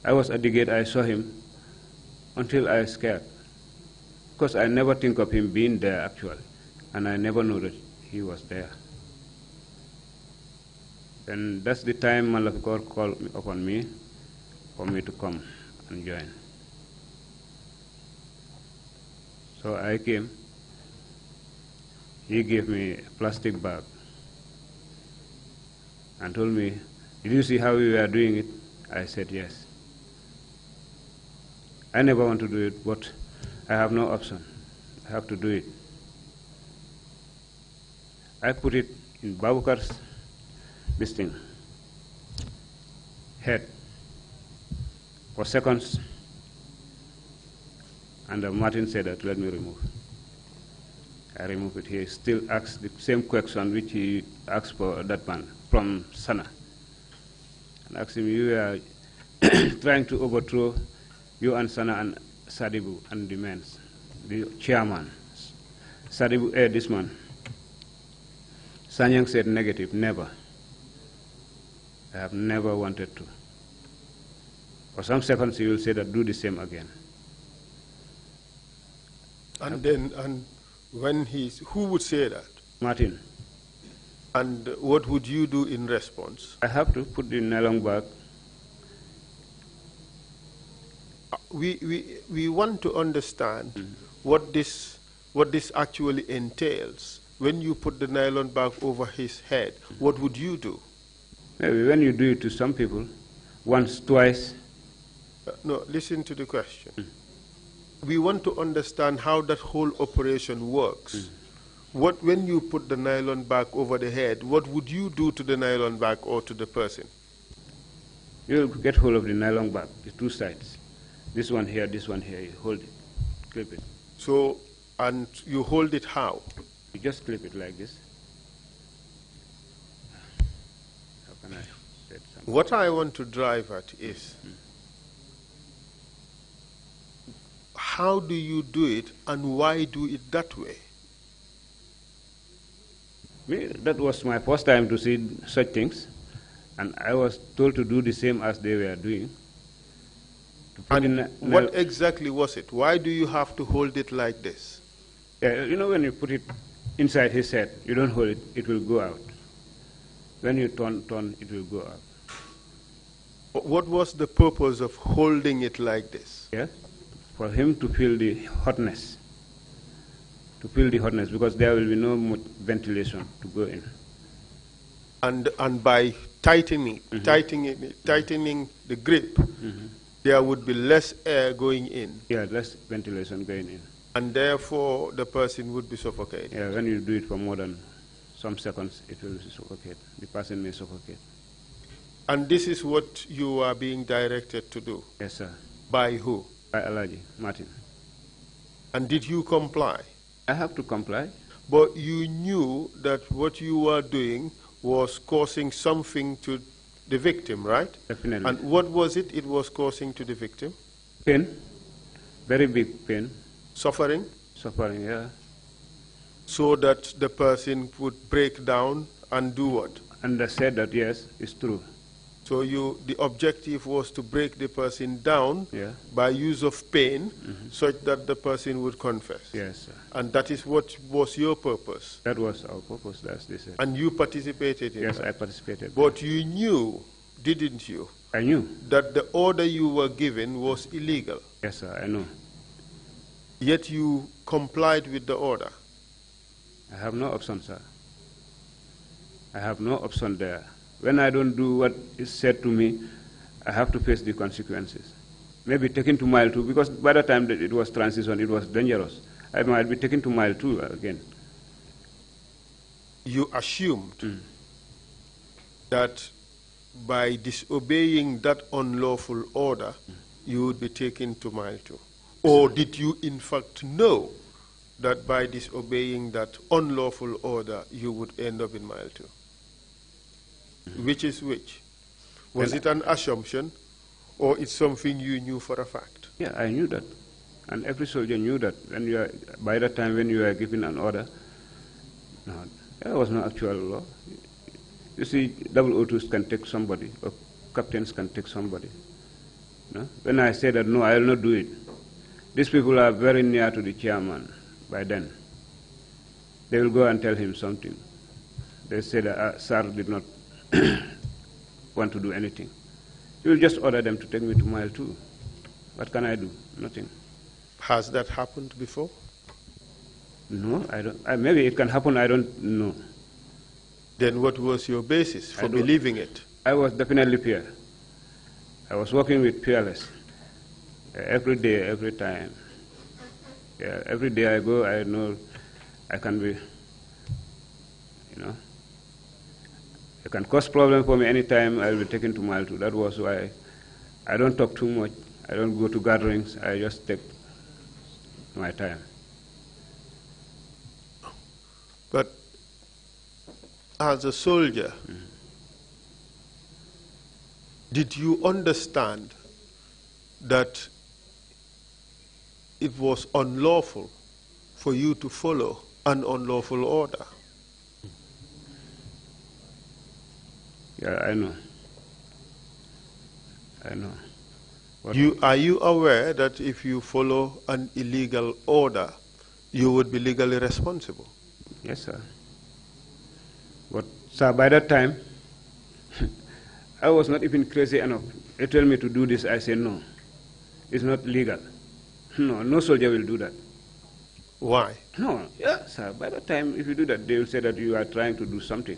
I was at the gate, I saw him until I escaped. Because I never think of him being there actually, and I never knew that he was there. And that's the time Allah called upon me for me to come and join. So I came. He gave me a plastic bag and told me, Did you see how we were doing it? I said, Yes. I never want to do it, but I have no option. I have to do it. I put it in Babukar's this thing head for seconds. And uh, Martin said that, let me remove. I remove it. He still asks the same question which he asked for that man from Sana. And asked him, you are trying to overthrow you and Sana and Sadibu and the men, the chairman. Sadibu, eh, this man. Sanyang said negative, never. I have never wanted to. For some seconds, you will say that do the same again.
And then, and when he's, who would say that? Martin. And what would you do in response? I have to put the nylon back. Uh, we, we, we want to understand mm -hmm. what, this, what this actually entails. When you put the nylon bag over his head, mm -hmm. what would you do?
Maybe when you do it to some people, once,
twice. Uh, no, listen to the question. Mm. We want to understand how that whole operation works. Mm. What, when you put the nylon back over the head, what would you do to the nylon back or to the person? You get hold
of the nylon back. the two sides. This one here, this one here, you hold it, clip it.
So, and you hold it how? You just clip it like this. What I want to drive at is how do you do it and why do it that way? Well, that was
my first time to see such things, and I was told to do the same as they were doing. And what
exactly was it? Why do you have to hold it
like this? Yeah, you know, when you put it inside his head, you don't hold it, it will go out.
When you turn, turn, it will go out. What was the purpose of holding it like this? Yeah, for him to feel the hotness,
to feel the hotness, because there will be no ventilation to go in.
And and by tightening, mm -hmm. tightening, tightening the grip, mm -hmm. there would be less air going in. Yeah, less ventilation going in. And therefore, the person would be suffocated. Yeah, when you do it for more than some seconds, it will suffocate. The person may suffocate. And this is what you are being directed to do? Yes, sir. By who? By Alaji Martin. And did you comply? I have to comply. But you knew that what you were doing was causing something to the victim, right? Definitely. And what was it it was causing to the victim? Pain. Very big pain. Suffering? Suffering, yeah. So that the person would break down and do what? And I said that, yes, it's true. So you, the objective was to break the person down yeah. by use of pain, mm -hmm. such that the person would confess. Yes, sir. And that is what was your purpose. That was our purpose. That's this. And you participated in. Yes, that. I participated. But that. you knew, didn't you? I knew that the order you were given was illegal. Yes, sir. I know. Yet you complied with the order. I have no option, sir.
I have no option there. When I don't do what is said to me, I have to face the consequences. Maybe taken to mile two, because by the time that it was transition, it was dangerous.
I might be taken to mile two again. You assumed mm. that by disobeying that unlawful order, mm. you would be taken to mile two. Or did you, in fact, know that by disobeying that unlawful order, you would end up in mile two? Mm-hmm. which is which? Was and it an assumption or it's something you knew for a fact?
Yeah, I knew that. And every soldier knew that. When you are, by the time when you are given an order, no, that was no actual law. You see, 002s can take somebody, or captains can take somebody. No? When I say that, no, I will not do it, these people are very near to the chairman by then. They will go and tell him something. They say that, uh, sir did not want to do anything. You will just order them to take me to mile two. What can I do? Nothing. Has that happened before? No, I don't. I, maybe it can happen. I don't know. Then what was your basis for believing it? I was definitely peer. I was working with peerless uh, every day, every time. Yeah, every day I go, I know I can be, you know. It can cause problems for me anytime. I'll be taken to Malta. That was why I don't talk too much. I don't go to gatherings. I just take my time.
But as a soldier, mm -hmm. did you understand that it was unlawful for you to follow an unlawful order? Yeah, I know. I know. What you, are you aware that if you follow an illegal order, you would be legally responsible?
Yes, sir. But, sir, by that time, I was not even crazy enough. They tell me to do this. I say, no, it's not legal. No, no soldier will do that. Why? No, yeah, sir. By that time, if you do that, they will say that you are trying to do something.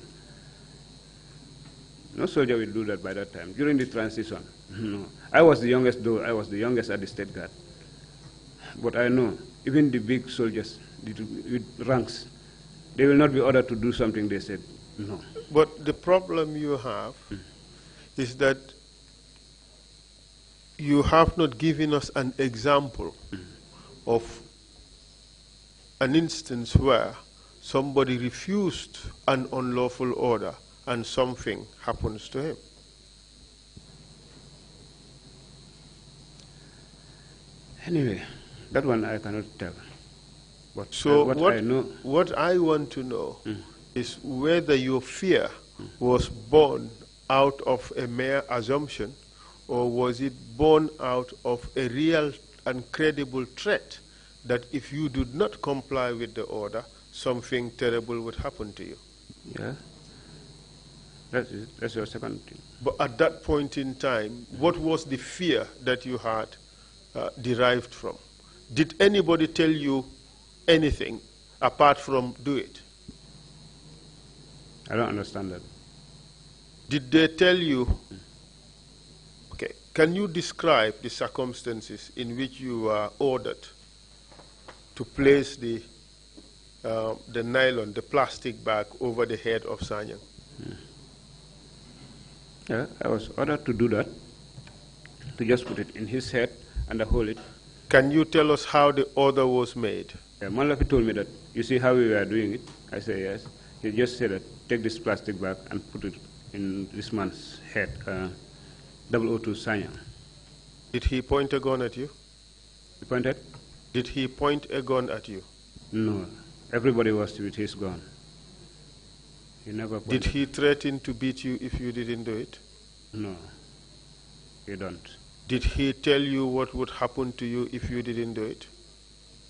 No soldier will do that by that time, during the transition. no. I was the youngest, though. I was the youngest at the State Guard. But I know, even the big soldiers with ranks, they will not be ordered to do something they said.
No. But the problem you have mm. is that you have not given us an example mm. of an instance where somebody refused an unlawful order and something happens to him. Anyway, that one I cannot tell. But so uh, what, what, I know. What I want to know mm. is whether your fear mm. was born out of a mere assumption or was it born out of a real and credible threat that if you did not comply with the order, something terrible would happen to you. Yeah. That's, that's your second thing. But at that point in time, what was the fear that you had uh, derived from? Did anybody tell you anything apart from do it? I don't understand that. Did they tell you? Okay, can you describe the circumstances in which you were ordered to place the uh, the nylon, the plastic bag over the head of Sanyang? Yeah. Hmm. Yeah, I was ordered to do that, to just put it in his head and I hold it. Can you tell us how the order was made?
Yeah, Malafi told me that, you see how we were doing it? I said, yes. He just said that, take this plastic
bag and put it in this man's head, uh, 002 Sanya. Did he point a gun at you? He pointed? Did he point a gun at you? No. Everybody was with his gun. He never Did he threaten to beat you if you didn't do it? No, he don't. Did he tell you what would happen to you if you didn't do it?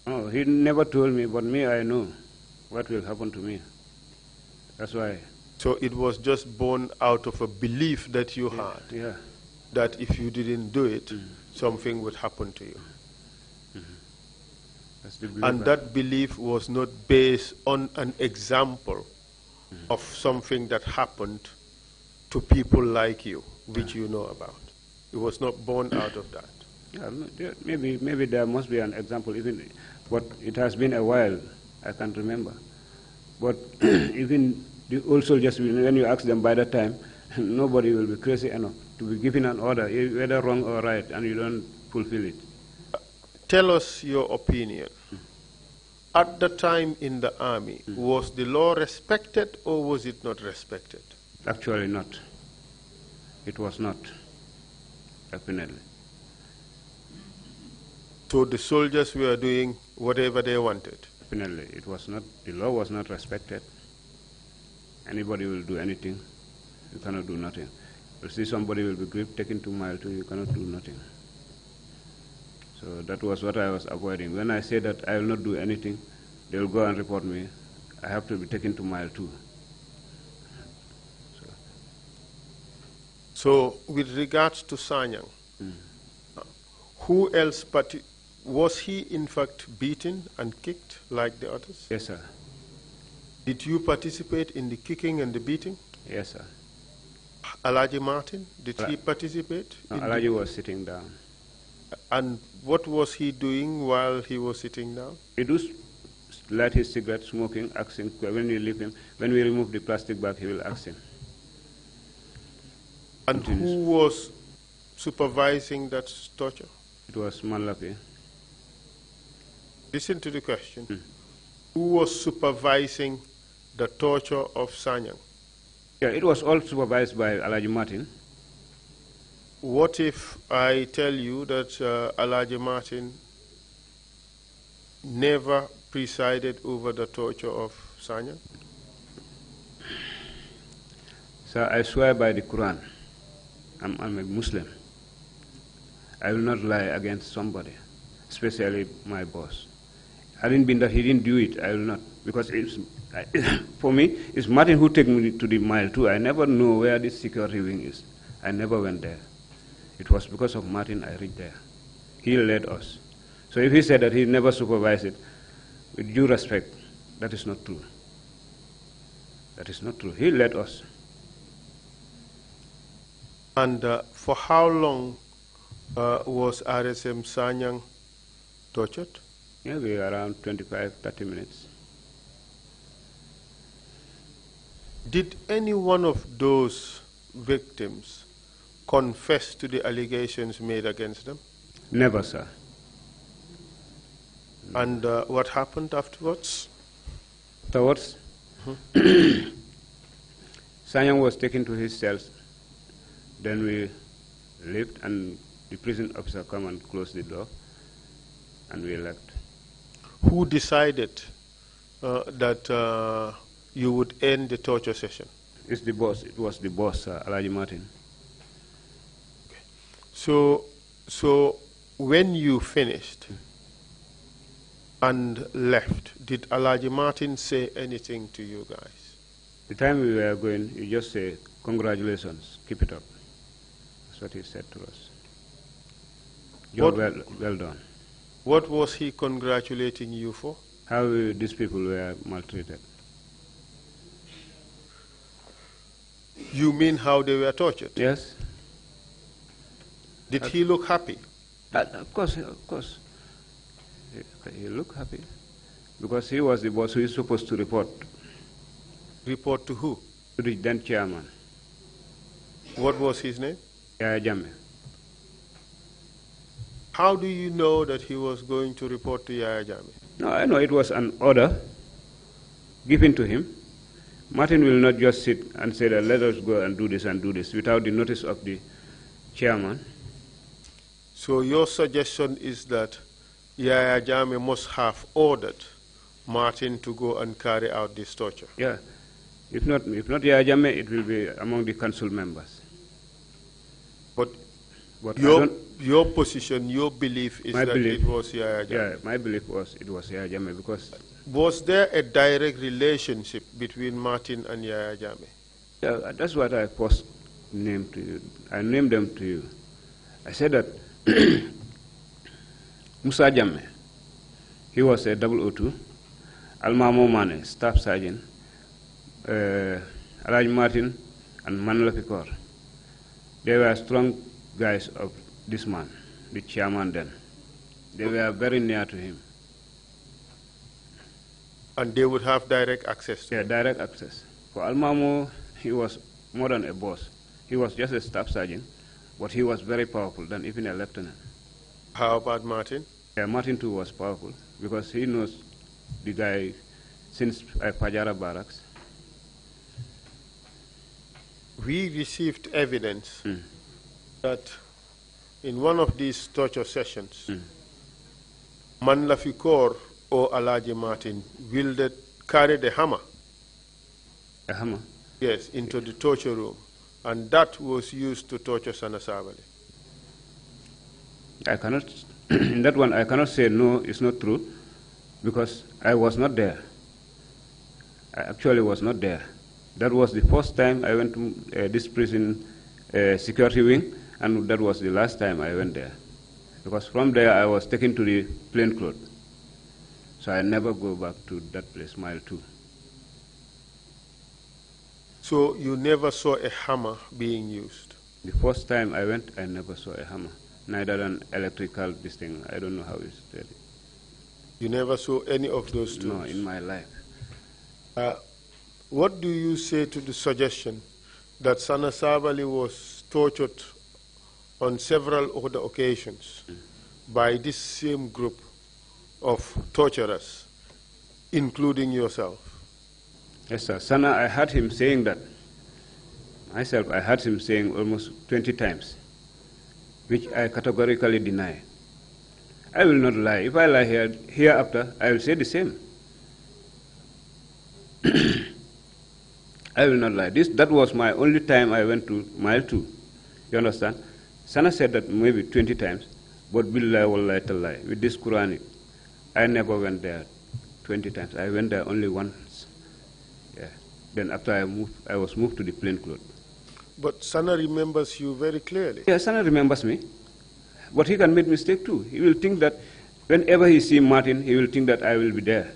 No, oh, he never told me, but me, I know what will happen to me. That's why. So it was just born out of a belief that you yeah, had yeah. that if you didn't do it, mm something would happen to you. Mm -hmm. and that belief was not based on an example Mm-hmm. of something that happened to people like you, which you know about. It was not
born out of that. Yeah, maybe, maybe there must be an example, even, but it has been a while. I can't remember. But even the old soldiers, when you ask them by that time, nobody will be crazy enough to be given an order, eh, whether wrong or
right, and you don't fulfill it. Uh, tell us your opinion. Mm -hmm at the time in the army, mm. was the law respected or was it not respected?
Actually, not. It was not, definitely.
So the soldiers were doing whatever they wanted? Definitely. It was not, the law was not respected. Anybody will
do anything. You cannot do nothing. You see somebody will be gripped, taken two miles, you cannot do nothing. So that was what I was avoiding. When I say that I will not do anything, they will go and report me. I have to be taken to mile two.
So, so with regards to Sanyang, mm. who else but was he in fact beaten and kicked like the others? Yes, sir. Did you participate in the kicking and the beating? Yes, sir. Alaji Martin, did Al he participate? No, Alaji was sitting down. And what was he doing while he was sitting down? He do
light his cigarette, smoking, asking when we leave him, when we remove the plastic bag, he will ask him. And Continuous.
who was supervising that torture?
It was Malapi.
Listen to the question. Mm. Who was supervising the torture of Sanyang? Yeah, it was all supervised by Alaji Martin what if I tell you that uh, Martin never presided over the torture of Sanya?
Sir, I swear by the Quran, I'm, I'm a Muslim. I will not lie against somebody, especially my boss. Having been that he didn't do it, I will not, because it's, for me, it's Martin who took me to the mile too. I never know where this security wing is. I never went there. It was because of Martin I read there. He led us. So if he said that he never supervised it, with due respect, that is not true. That is not true. He led us.
And uh, for how long uh, was RSM Sanyang tortured? Maybe around 25, 30 minutes. Did any one of those victims confess to the allegations made against them? Never, sir. And uh, what happened afterwards?
Afterwards? Hmm? Sanyang was taken to his cells. Then we left, and the
prison officer came and closed the door, and we left. Who decided uh, that uh, you would end the torture session? It's the boss. It was the boss, uh, Alaji Martin. So, so when you finished and left, did Alaji Martin say anything to you guys? The time we were going,
he just said, congratulations, keep it up. That's what he said to us. You're what, well, well done.
What was he congratulating you for? How uh, these people were maltreated. You mean how they were tortured? Yes. Did he look happy? Uh, of
course, of course.
He looked happy
because he was the boss who is supposed to report. Report to who? To the then chairman.
What was his name? Yaya Jame. How do you know that he was going to report to Yaya Jame?
No, I know it was an order given to him. Martin will not just sit and say that let us go and do this and do this without the notice of the chairman.
So your suggestion is that Yaya Jame must have ordered Martin to go and carry out this torture? Yeah. If not, if not Yaya Jame,
it will be among the council members. But, but your,
your position, your belief is that belief, it was Yaya Jame? Yeah, my belief was it was Yaya Jame because... Was there a direct relationship between Martin and Yaya Jame?
Yeah, that's what I first named to you. I named them to you. I said that Musa Jamme, he was a 002. Almamo Mane, staff sergeant. Uh, Raj Martin and Manuel Picor. They were strong guys of this man, the chairman then. They were very near to him. And they would have direct access to Yeah, direct access. For Almamo, he was more than a boss. He was just a staff sergeant. But he was very powerful than even a lieutenant.
How about Martin?
Yeah, Martin too was powerful because he knows
the guy since uh, Pajara barracks. We received evidence mm. that in one of these torture sessions, mm. or Alaji Martin wielded, carried a hammer. A hammer? Yes, into the torture room. And that was used to torture Sanasabali.
I cannot, in that one, I cannot say no, it's not true, because I was not there. I actually was not there. That was the first time I went to uh, this prison uh, security wing, and that was the last time I went there. Because from there I was taken to the plainclothes. So I never go back to that place, mile two. So you never saw a hammer being used? The first time I went, I never saw a hammer, neither an electrical this thing. I don't know how it's done. You never saw any of
those tools? No, in my life. Uh, what do you say to the suggestion that Sana Sabali was tortured on several other occasions mm. by this same group of torturers, including yourself? Yes, sir. Sana, I heard him saying that.
Myself, I heard him saying almost 20 times, which I categorically deny. I will not lie. If I lie here, hereafter, I will say the same. I will not lie. This that was my only time I went to mile two. You understand? Sana said that maybe twenty times, but billah to lie with this Quranic. I never went there twenty times. I went there only once. Then after I moved, I was moved to the plain clothes.
But Sana remembers you very clearly.
Yeah, Sana remembers me. But he can make mistake too. He will think that whenever he see Martin, he will think that I will be there.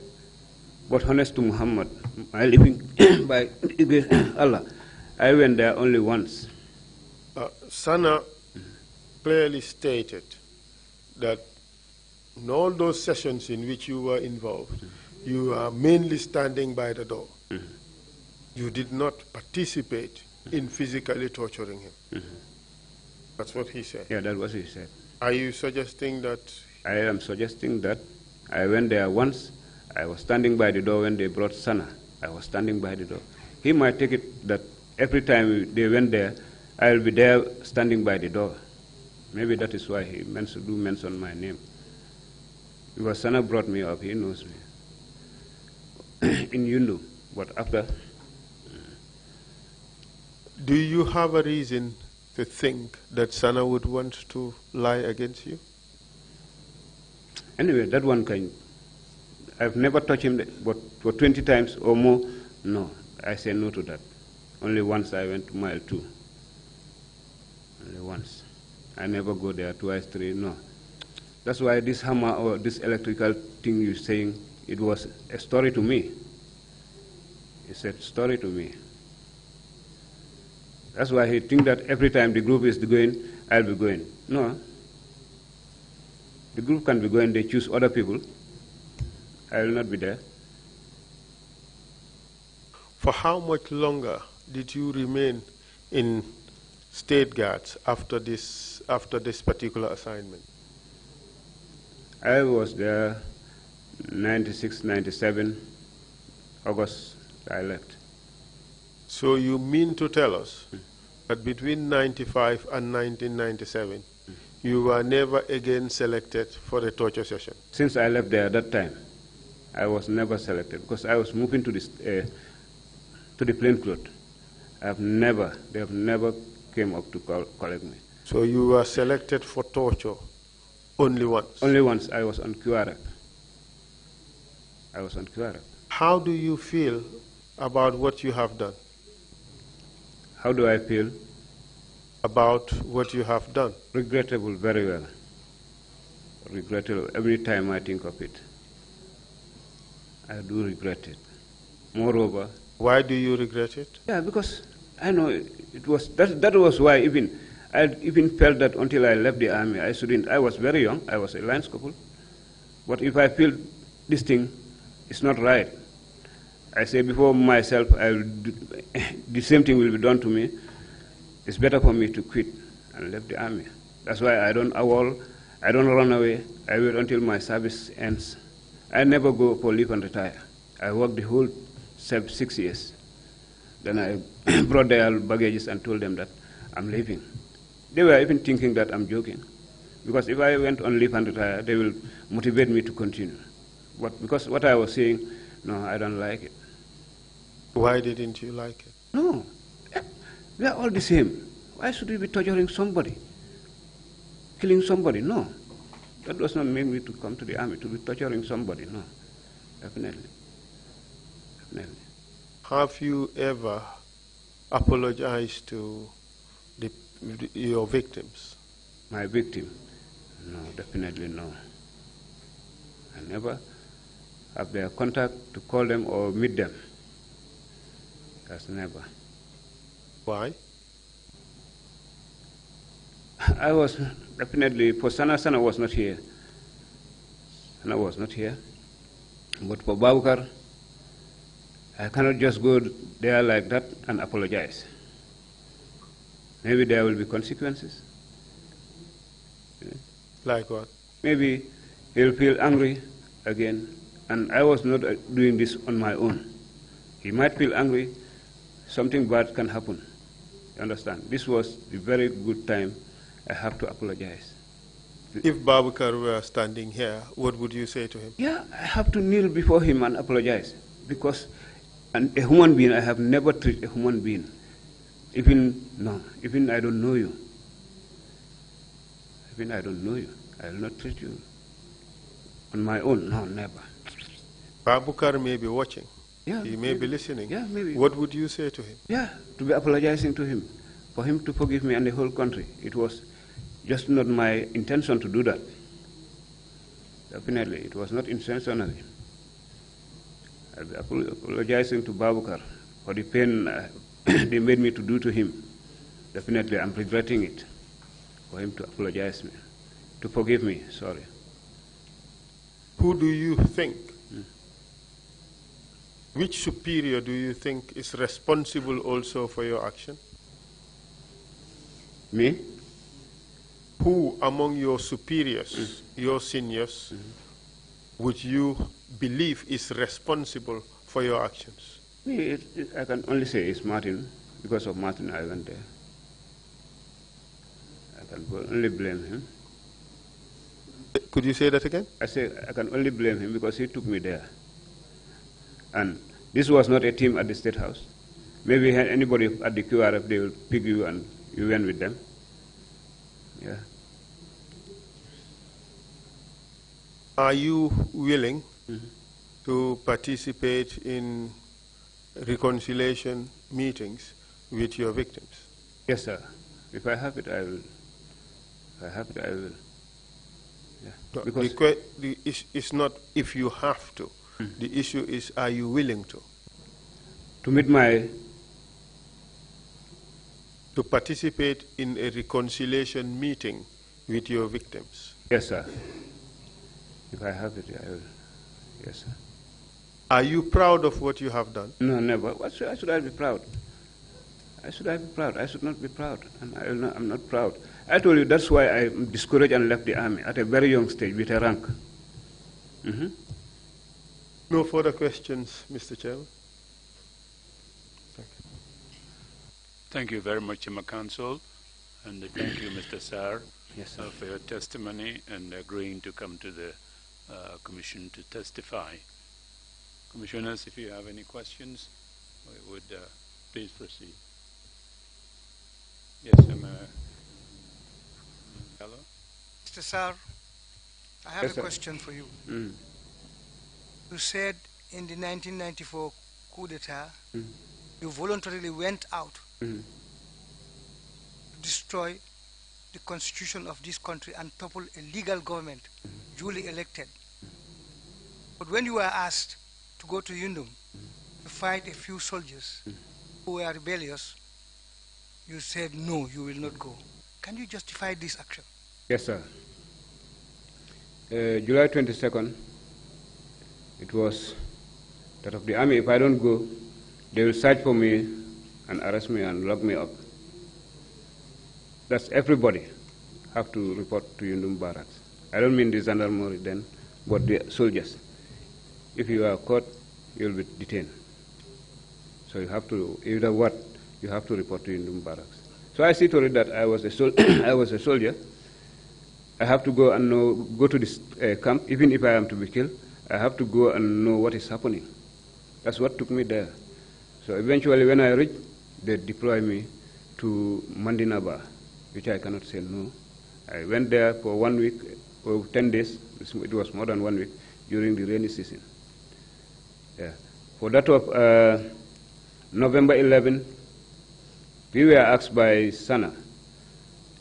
But honest to Muhammad, I living by Allah, I went there only once.
Uh, Sana clearly stated that in all those sessions in which you were involved, you are mainly standing by the door. Mm -hmm you did not participate in physically torturing him. Mm -hmm. That's what he said.
Yeah, that was he said.
Are you suggesting that?
I am suggesting that I went there once. I was standing by the door when they brought Sana. I was standing by the door. He might take it that every time they went there, I will be there standing by the door. Maybe that is why he meant to do mention my name. Because Sana brought me up, he knows me.
in Yundu, but after do you have a reason to think that Sana would want to lie against you? Anyway, that one kind. I've never
touched him but for 20 times or more. No, I say no to that. Only once I went to mile two. Only once. I never go there twice, three, no. That's why this hammer or this electrical thing you're saying, it was a story to me. It's a story to me. That's why he think that every time the group is going, I'll be going. No. The group can be going, they choose other people. I will not be
there. For how much longer did you remain in state guards after this after this particular assignment?
I was there 96, 97, August I left.
So you mean to tell us that between 95 and 1997, you were never again selected for a torture session?
Since I left there at that time, I was never selected because I was moving to, this, uh, eh, to the plainclothes. I've never, they have never came up to call, collect me. So you were selected for torture
only once? Only once. I was on QRF. I was on QRF. How do you feel about what you have done? How do I feel? About what you have done. Regrettable, very
well. Regrettable. Every time I think of it, I do regret it. Moreover, why do you regret it? Yeah, because I know it, was that. That was why even I even felt that until I left the army, I shouldn't. I was very young. I was a lance corporal. But if I feel this thing is not right, I say before myself, do, the same thing will be done to me. It's better for me to quit and leave the army. That's why I don't avoid, I don't run away. I wait until my service ends. I never go for leave and retire. I worked the whole six years. Then I brought their baggages and told them that I'm leaving. They were even thinking that I'm joking. Because if I went on leave and retire, they will motivate me to continue. But because what I was saying, no, I don't like it. Why didn't you like it? No. We are all the same. Why should we be torturing somebody? Killing somebody? No. That does not mean me to come to the army, to be torturing somebody. No.
Definitely. Definitely. Have you ever apologized to the, your victims? My victim? No, definitely no. I never have their
contact to call them or meet them. Never. Why? I was definitely, for Sana Sana was not here. Sana was not here. But for Babukar, I cannot just go there like that and apologize. Maybe there will be consequences. Like what? Maybe he'll feel angry again. And I was not doing this on my own. He might feel angry, something bad can happen.
You understand? This was a very good time. I have to apologize. If Babakar were standing here, what would you say to him?
Yeah,
I have to kneel before him and apologize because and a human being, I have never treated a human being. Even, no, even I don't know you. Even I don't
know you. I will not treat you on my own, no, never. Babukar may be watching. Yeah, he may maybe. be listening. Yeah, maybe. What would you say to him? Yeah, to be
apologizing to him, for him to forgive me and the whole country. It was just not my intention to do that. Definitely, it was not intentional. I'll be apologizing to Babukar for the pain uh, they made me to do to him. Definitely, I'm regretting it for him to apologize me,
to forgive me, sorry. Who do you think which superior do you think is responsible also for your action? Me? Who among your superiors, mm your seniors, mm would you believe is responsible for your actions?
Me, it, it, I can only say it's Martin. Because of Martin, I went there. I can only blame him.
Could you say that again?
I say I can only blame him because he took me there. And this was not a team at the State House. Maybe had anybody at the QRF, they will pick you and you went with them. Yeah.
Are you willing mm -hmm. to participate in reconciliation meetings with your victims? Yes, sir. If I have it, I will. If I have it, I will. Yeah. because the, the it's, it's, not if you have to. Mm-hmm. The issue is, are you willing to? To meet my... To participate in a reconciliation meeting with your victims. Yes, sir.
If I have it, I will. Yes, sir. Are you proud of what you have done? No, never. What should, should I be proud? I should I be proud? I should not be proud. I'm, I am not proud. I told you that's why I discouraged and left the army at a very young stage with a rank. Mm -hmm.
No further questions, Mr. Chairman. Thank you,
thank you very much, my counsel, and thank you, Mr. Saar, yes, uh, for your testimony and agreeing to come to the uh, Commission to testify. Commissioners, if you have any questions, we would uh, please proceed. Yes, Mr. am hello.
Mr.
Saar, I have yes, a question for you. Mm you said in the 1994 coup d'etat, mm -hmm. you voluntarily went out mm -hmm. to destroy the constitution of this country and topple a legal government mm -hmm. duly elected. But when you were asked to go to Yundum mm-hmm. to fight a few soldiers mm-hmm. who were rebellious, you said, no, you will not go. Can you justify this action?
Yes, sir. Uh, July 22nd, it was that of the army. If I don't go, they will search for me and arrest me and lock me up. That's everybody have to report to Yundum barracks. I don't mean the gendarmerie then, but the soldiers. If you are caught, you'll be detained. So you have to, either what, you have to report to Yundum barracks. So I see to it that I was a, sol- I was a soldier. I have to go and know, go to this uh, camp, even if I am to be killed. I have to go and know what is happening. That's what took me there. So eventually, when I reached, they deployed me to Mandinaba, which I cannot say no. I went there for one week or 10 days. It was more than one week during the rainy season. Yeah. For that of uh, November 11, we were asked by SANA,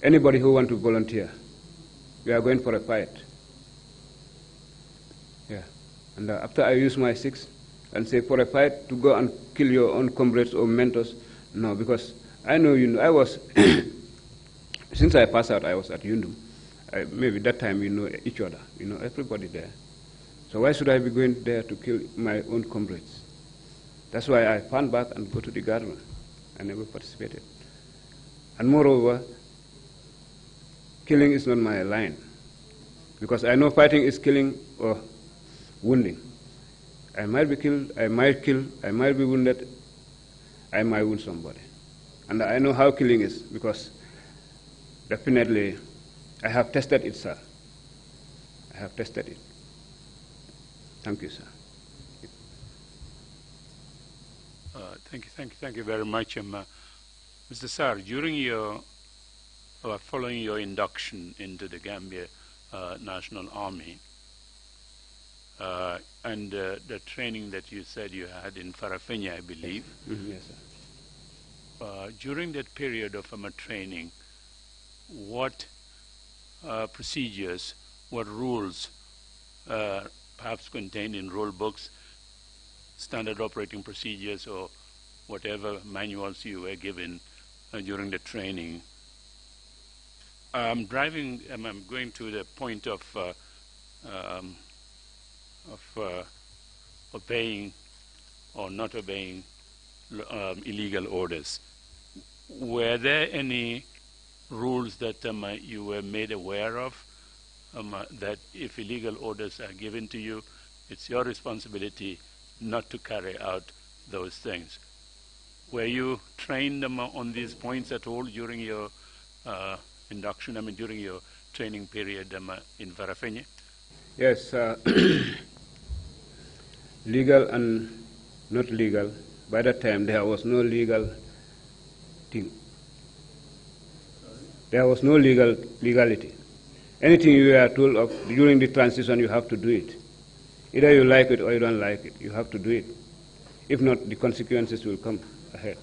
anybody who want to volunteer, we are going for a fight. And uh, after I use my six and say for a fight to go and kill your own comrades or mentors, no, because I know you know, I was, since I passed out, I was at Yundum. I, maybe that time you know each other, you know, everybody there. So why should I be going there to kill my own comrades? That's why I found back and go to the garden. I never participated. And moreover, killing is not my line. Because I know fighting is killing or wounding. I might be killed, I might kill, I might be wounded, I might wound somebody. And I know how killing is because definitely I have tested it, sir. I have tested it. Thank you, sir.
Uh, thank you, thank you, thank you very much, um, uh, Mr. Sar. During your uh, following your induction into the Gambia uh, National Army, uh, and uh, the training that you said you had in Farafenya, I believe. Mm -hmm. Yes, sir. Uh, during that period of um, training, what uh, procedures, what rules, uh, perhaps contained in rule books, standard operating procedures, or whatever manuals you were given uh, during the training? I'm driving, um, I'm going to the point of um, of uh, obeying or not obeying um, illegal orders. Were there any rules that um, uh, you were made aware of um, uh, that if illegal orders are given to you, it's your responsibility not to carry out those things? Were you trained um, uh, on these points at all during your uh, induction, I mean, during your training period um, in Varafeni?
Yes. Uh legal and not legal. By that time, there was no legal thing. There was no legal legality. Anything you are told of during the transition, you have to do it. Either you like it or you don't like it. You have to do it. If not, the consequences will come ahead.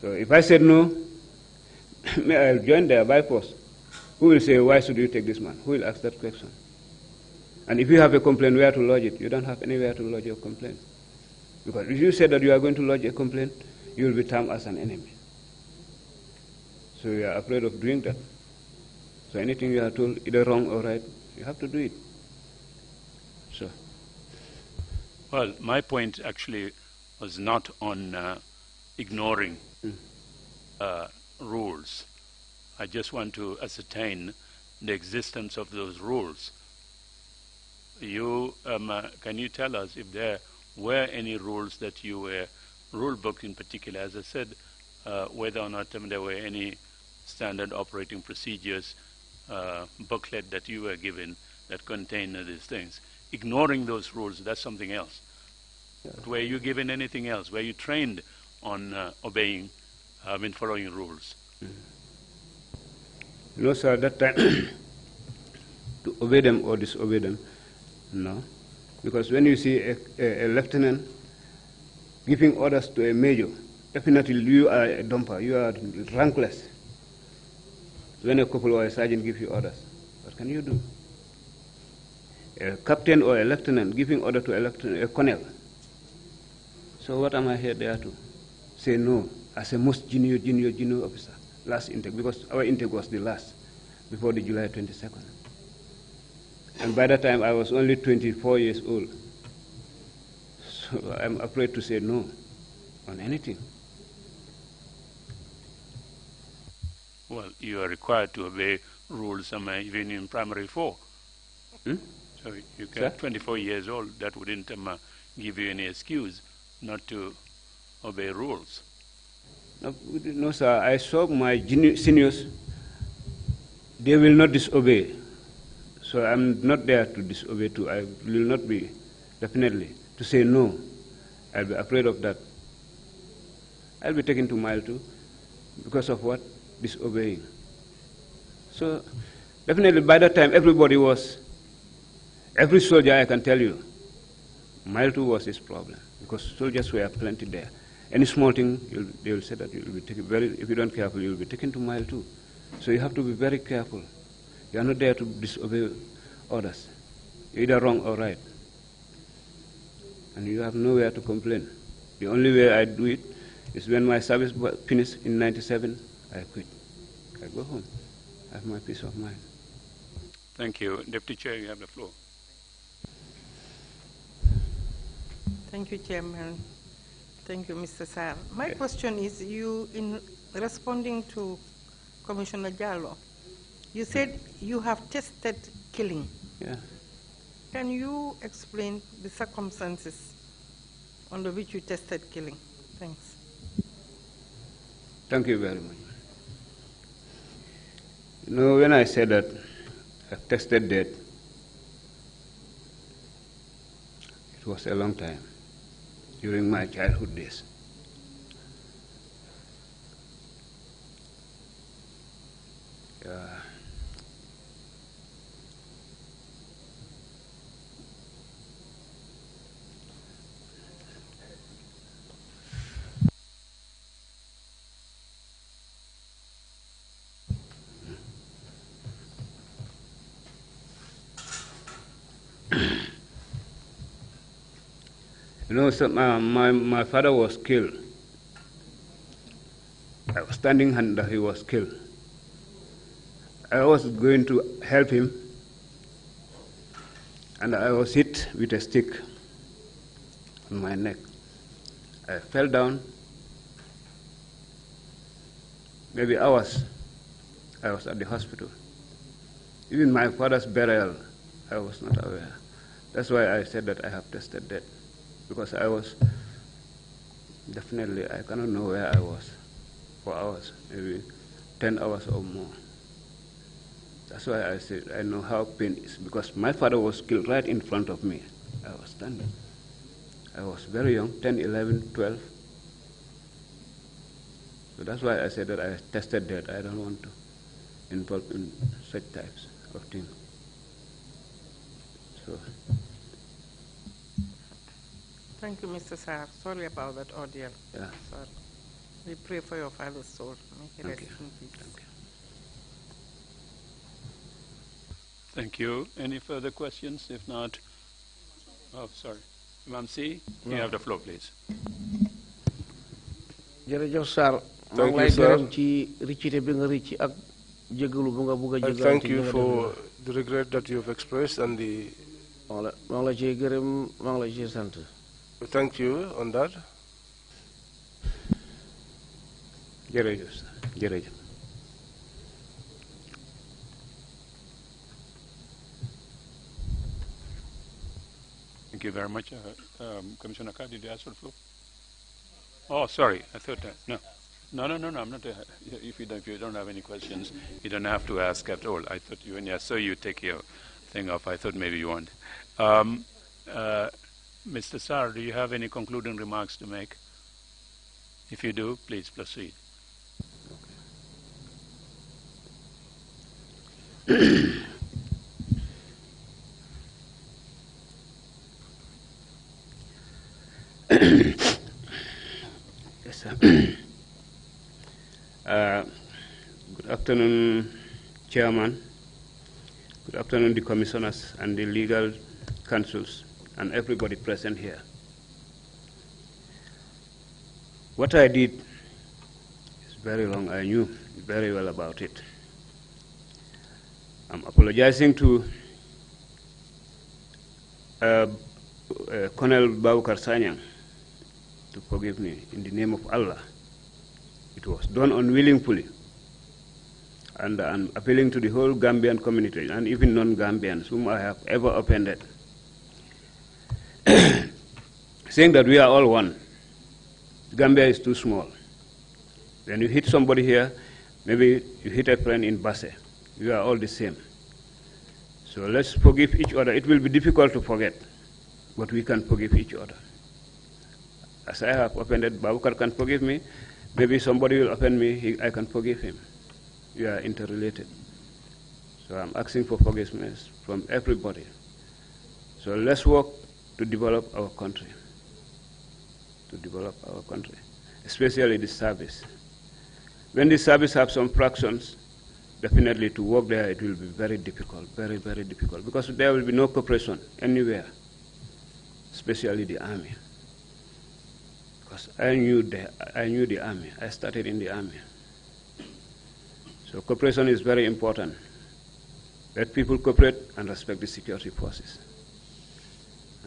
So if I said no, may i join the force? Who will say, why should you take this man? Who will ask that question? And if you have a complaint, where to lodge it? You don't have anywhere to lodge your complaint. Because if you say that you are going to lodge a complaint, you will be termed as an enemy. So you are afraid of doing that. So anything you are told, either wrong or right, you have to do it. So.
Well, my point actually was not on uh, ignoring mm. uh, rules. I just want to ascertain the existence of those rules you um, uh, can you tell us if there were any rules that you were rule book in particular, as I said, uh, whether or not um, there were any standard operating procedures uh, booklet that you were given that contained these things. Ignoring those rules, that's something else. Yeah. were you given anything else? Were you trained on uh, obeying, I mean, following rules? Mm.
You know, sir, at that time, to obey them or disobey them, no. Because when you see a, a, a lieutenant giving orders to a major, definitely you are a dumper, you are rankless. When a corporal or a sergeant gives you orders, what can you do? A captain or a lieutenant giving order to a, lieutenant, a colonel. So what am I here there to? Say no, as a most junior, junior, junior officer, last intake, because our intake was the last, before the July 22nd. And by that time, I was only 24 years old. So I'm afraid to say no on anything.
Well, you are required to obey rules somewhere, um, even in primary four. Hmm? So you can, 24 years old, that wouldn't um, give you any excuse not to obey rules.
No, no, sir. I saw my seniors. They will not disobey. So I'm not there to disobey too. I will not be, definitely, to say no. I'll be afraid of that. I'll be taken to mile two because of what? Disobeying. So definitely by that time everybody was, every soldier I can tell you, mile two was his problem because soldiers were plenty there. Any small thing, they will say that you'll be taken very, if you don't careful, you'll be taken to mile two. So you have to be very careful. You are not there to disobey orders, either wrong or right. And you have nowhere to complain. The only way I do it is when my service finished in 97, I quit. I go home. I have my peace of mind.
Thank you. Deputy Chair, you have the floor.
Thank you, Chairman. Thank you, Mr. Sal. My question is you, in responding to Commissioner Jallo, you said you have tested killing. Yeah. Can you explain the circumstances under which you tested killing? Thanks.
Thank you very much. You know, when I said that I've tested death, it was a long time during my childhood days. Yeah. Uh, You know, so my, my, my father was killed. I was standing under. he was killed. I was going to help him, and I was hit with a stick on my neck. I fell down. Maybe hours I was at the hospital. Even my father's burial, I was not aware. That's why I said that I have tested death because I was definitely, I cannot know where I was for hours, maybe 10 hours or more. That's why I said I know how pain is because my father was killed right in front of me. I was standing. I was very young 10, 11, 12. So that's why I said that I tested that. I don't want to involve in such types of things. So.
Thank you, Mr. Sahar. Sorry about that audio. Yeah. Sorry. We pray for your father's soul. May he rest in peace. Thank you.
Thank you. Any further questions? If not, oh, sorry. Mamsi, you have the floor, please.
jërëjëf Sarr maa ngi lay gërëm ci riccite bi nga ricc ak jégalu bu nga bugg a jégalu thank you for the regret that you have expressed and the maa ngi la ciy gërëm maa ngi la ciy sant thank you on that.
Thank you very much. Uh, um, Commissioner Carr, did you ask for the floor? Oh, sorry. I thought that. Uh, no. No, no, no, no. I'm not. Uh, if, you don't, if you don't have any questions, you don't have to ask at all. I thought you, and I saw you take your thing off, I thought maybe you want. Um, uh, Mr. Sar, do you have any concluding remarks to make? If you do, please proceed. yes,
uh, good afternoon, Chairman. Good afternoon, the commissioners and the legal councils and everybody present here. What I did is very long. I knew very well about it. I'm apologizing to uh, uh, Colonel Babukar Sanyang to forgive me in the name of Allah. It was done unwillingly. And I'm appealing to the whole Gambian community and even non Gambians whom I have ever offended saying that we are all one. Gambia is too small. When you hit somebody here, maybe you hit a friend in Basse. We are all the same. So let's forgive each other. It will be difficult to forget, but we can forgive each other. As I have offended, Babukar can forgive me. Maybe somebody will offend me, he, I can forgive him. We are interrelated. So I'm asking for forgiveness from everybody. So let's work to develop our country to develop our country, especially the service. When the service have some fractions, definitely to work there it will be very difficult, very, very difficult, because there will be no cooperation anywhere, especially the army. Because I knew the, I knew the army. I started in the army. So cooperation is very important. Let people cooperate and respect the security forces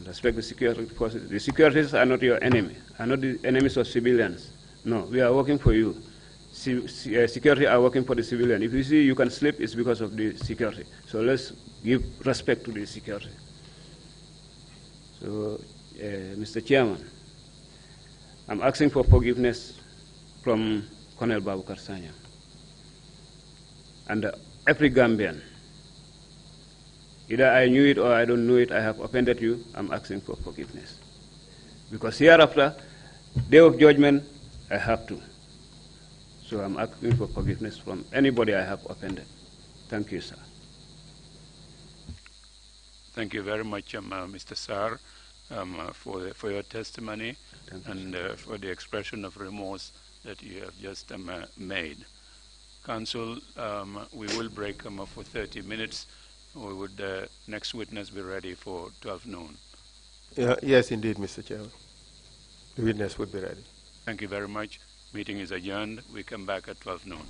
and respect the security forces. The securities are not your enemy, are not the enemies of civilians. No, we are working for you. C C uh, security are working for the civilian. If you see you can sleep, it's because of the security. So let's give respect to the security. So, uh, Mr. Chairman, I'm asking for forgiveness from Colonel Babu Karsanya and uh, every Gambian. Either I knew it or I don't know it, I have offended you, I'm asking for forgiveness. Because hereafter, day of judgment, I have to. So I'm asking for forgiveness from anybody I have offended. Thank you, sir.
Thank you very much, um, uh, Mr. Sar, um, uh, for, the, for your testimony and uh, for the expression of remorse that you have just um, uh, made. Council, um, we will break um, uh, for 30 minutes would the next witness be ready for 12 noon?
Uh, yes, indeed, Mr. Chairman. The witness would be ready.
Thank you very much. Meeting is adjourned. We come back at 12 noon.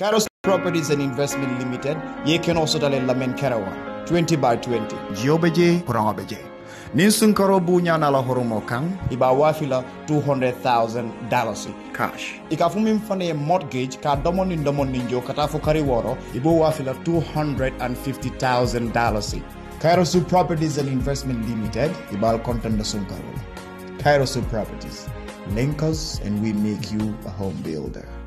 Kairos Properties and Investment Limited ye ken also dale lamen kerawa 20 by 20 jiobe je kurangobe je nyana la horomo kan iba wafila 200,000 dollars cash ika fu min fane mortgage ka domon ni domon ni jo kata fu kari woro ibo wafila 250,000 dollars Kairos Properties and Investment Limited ibal content da sun karo Kairos Properties link us and we make you a home builder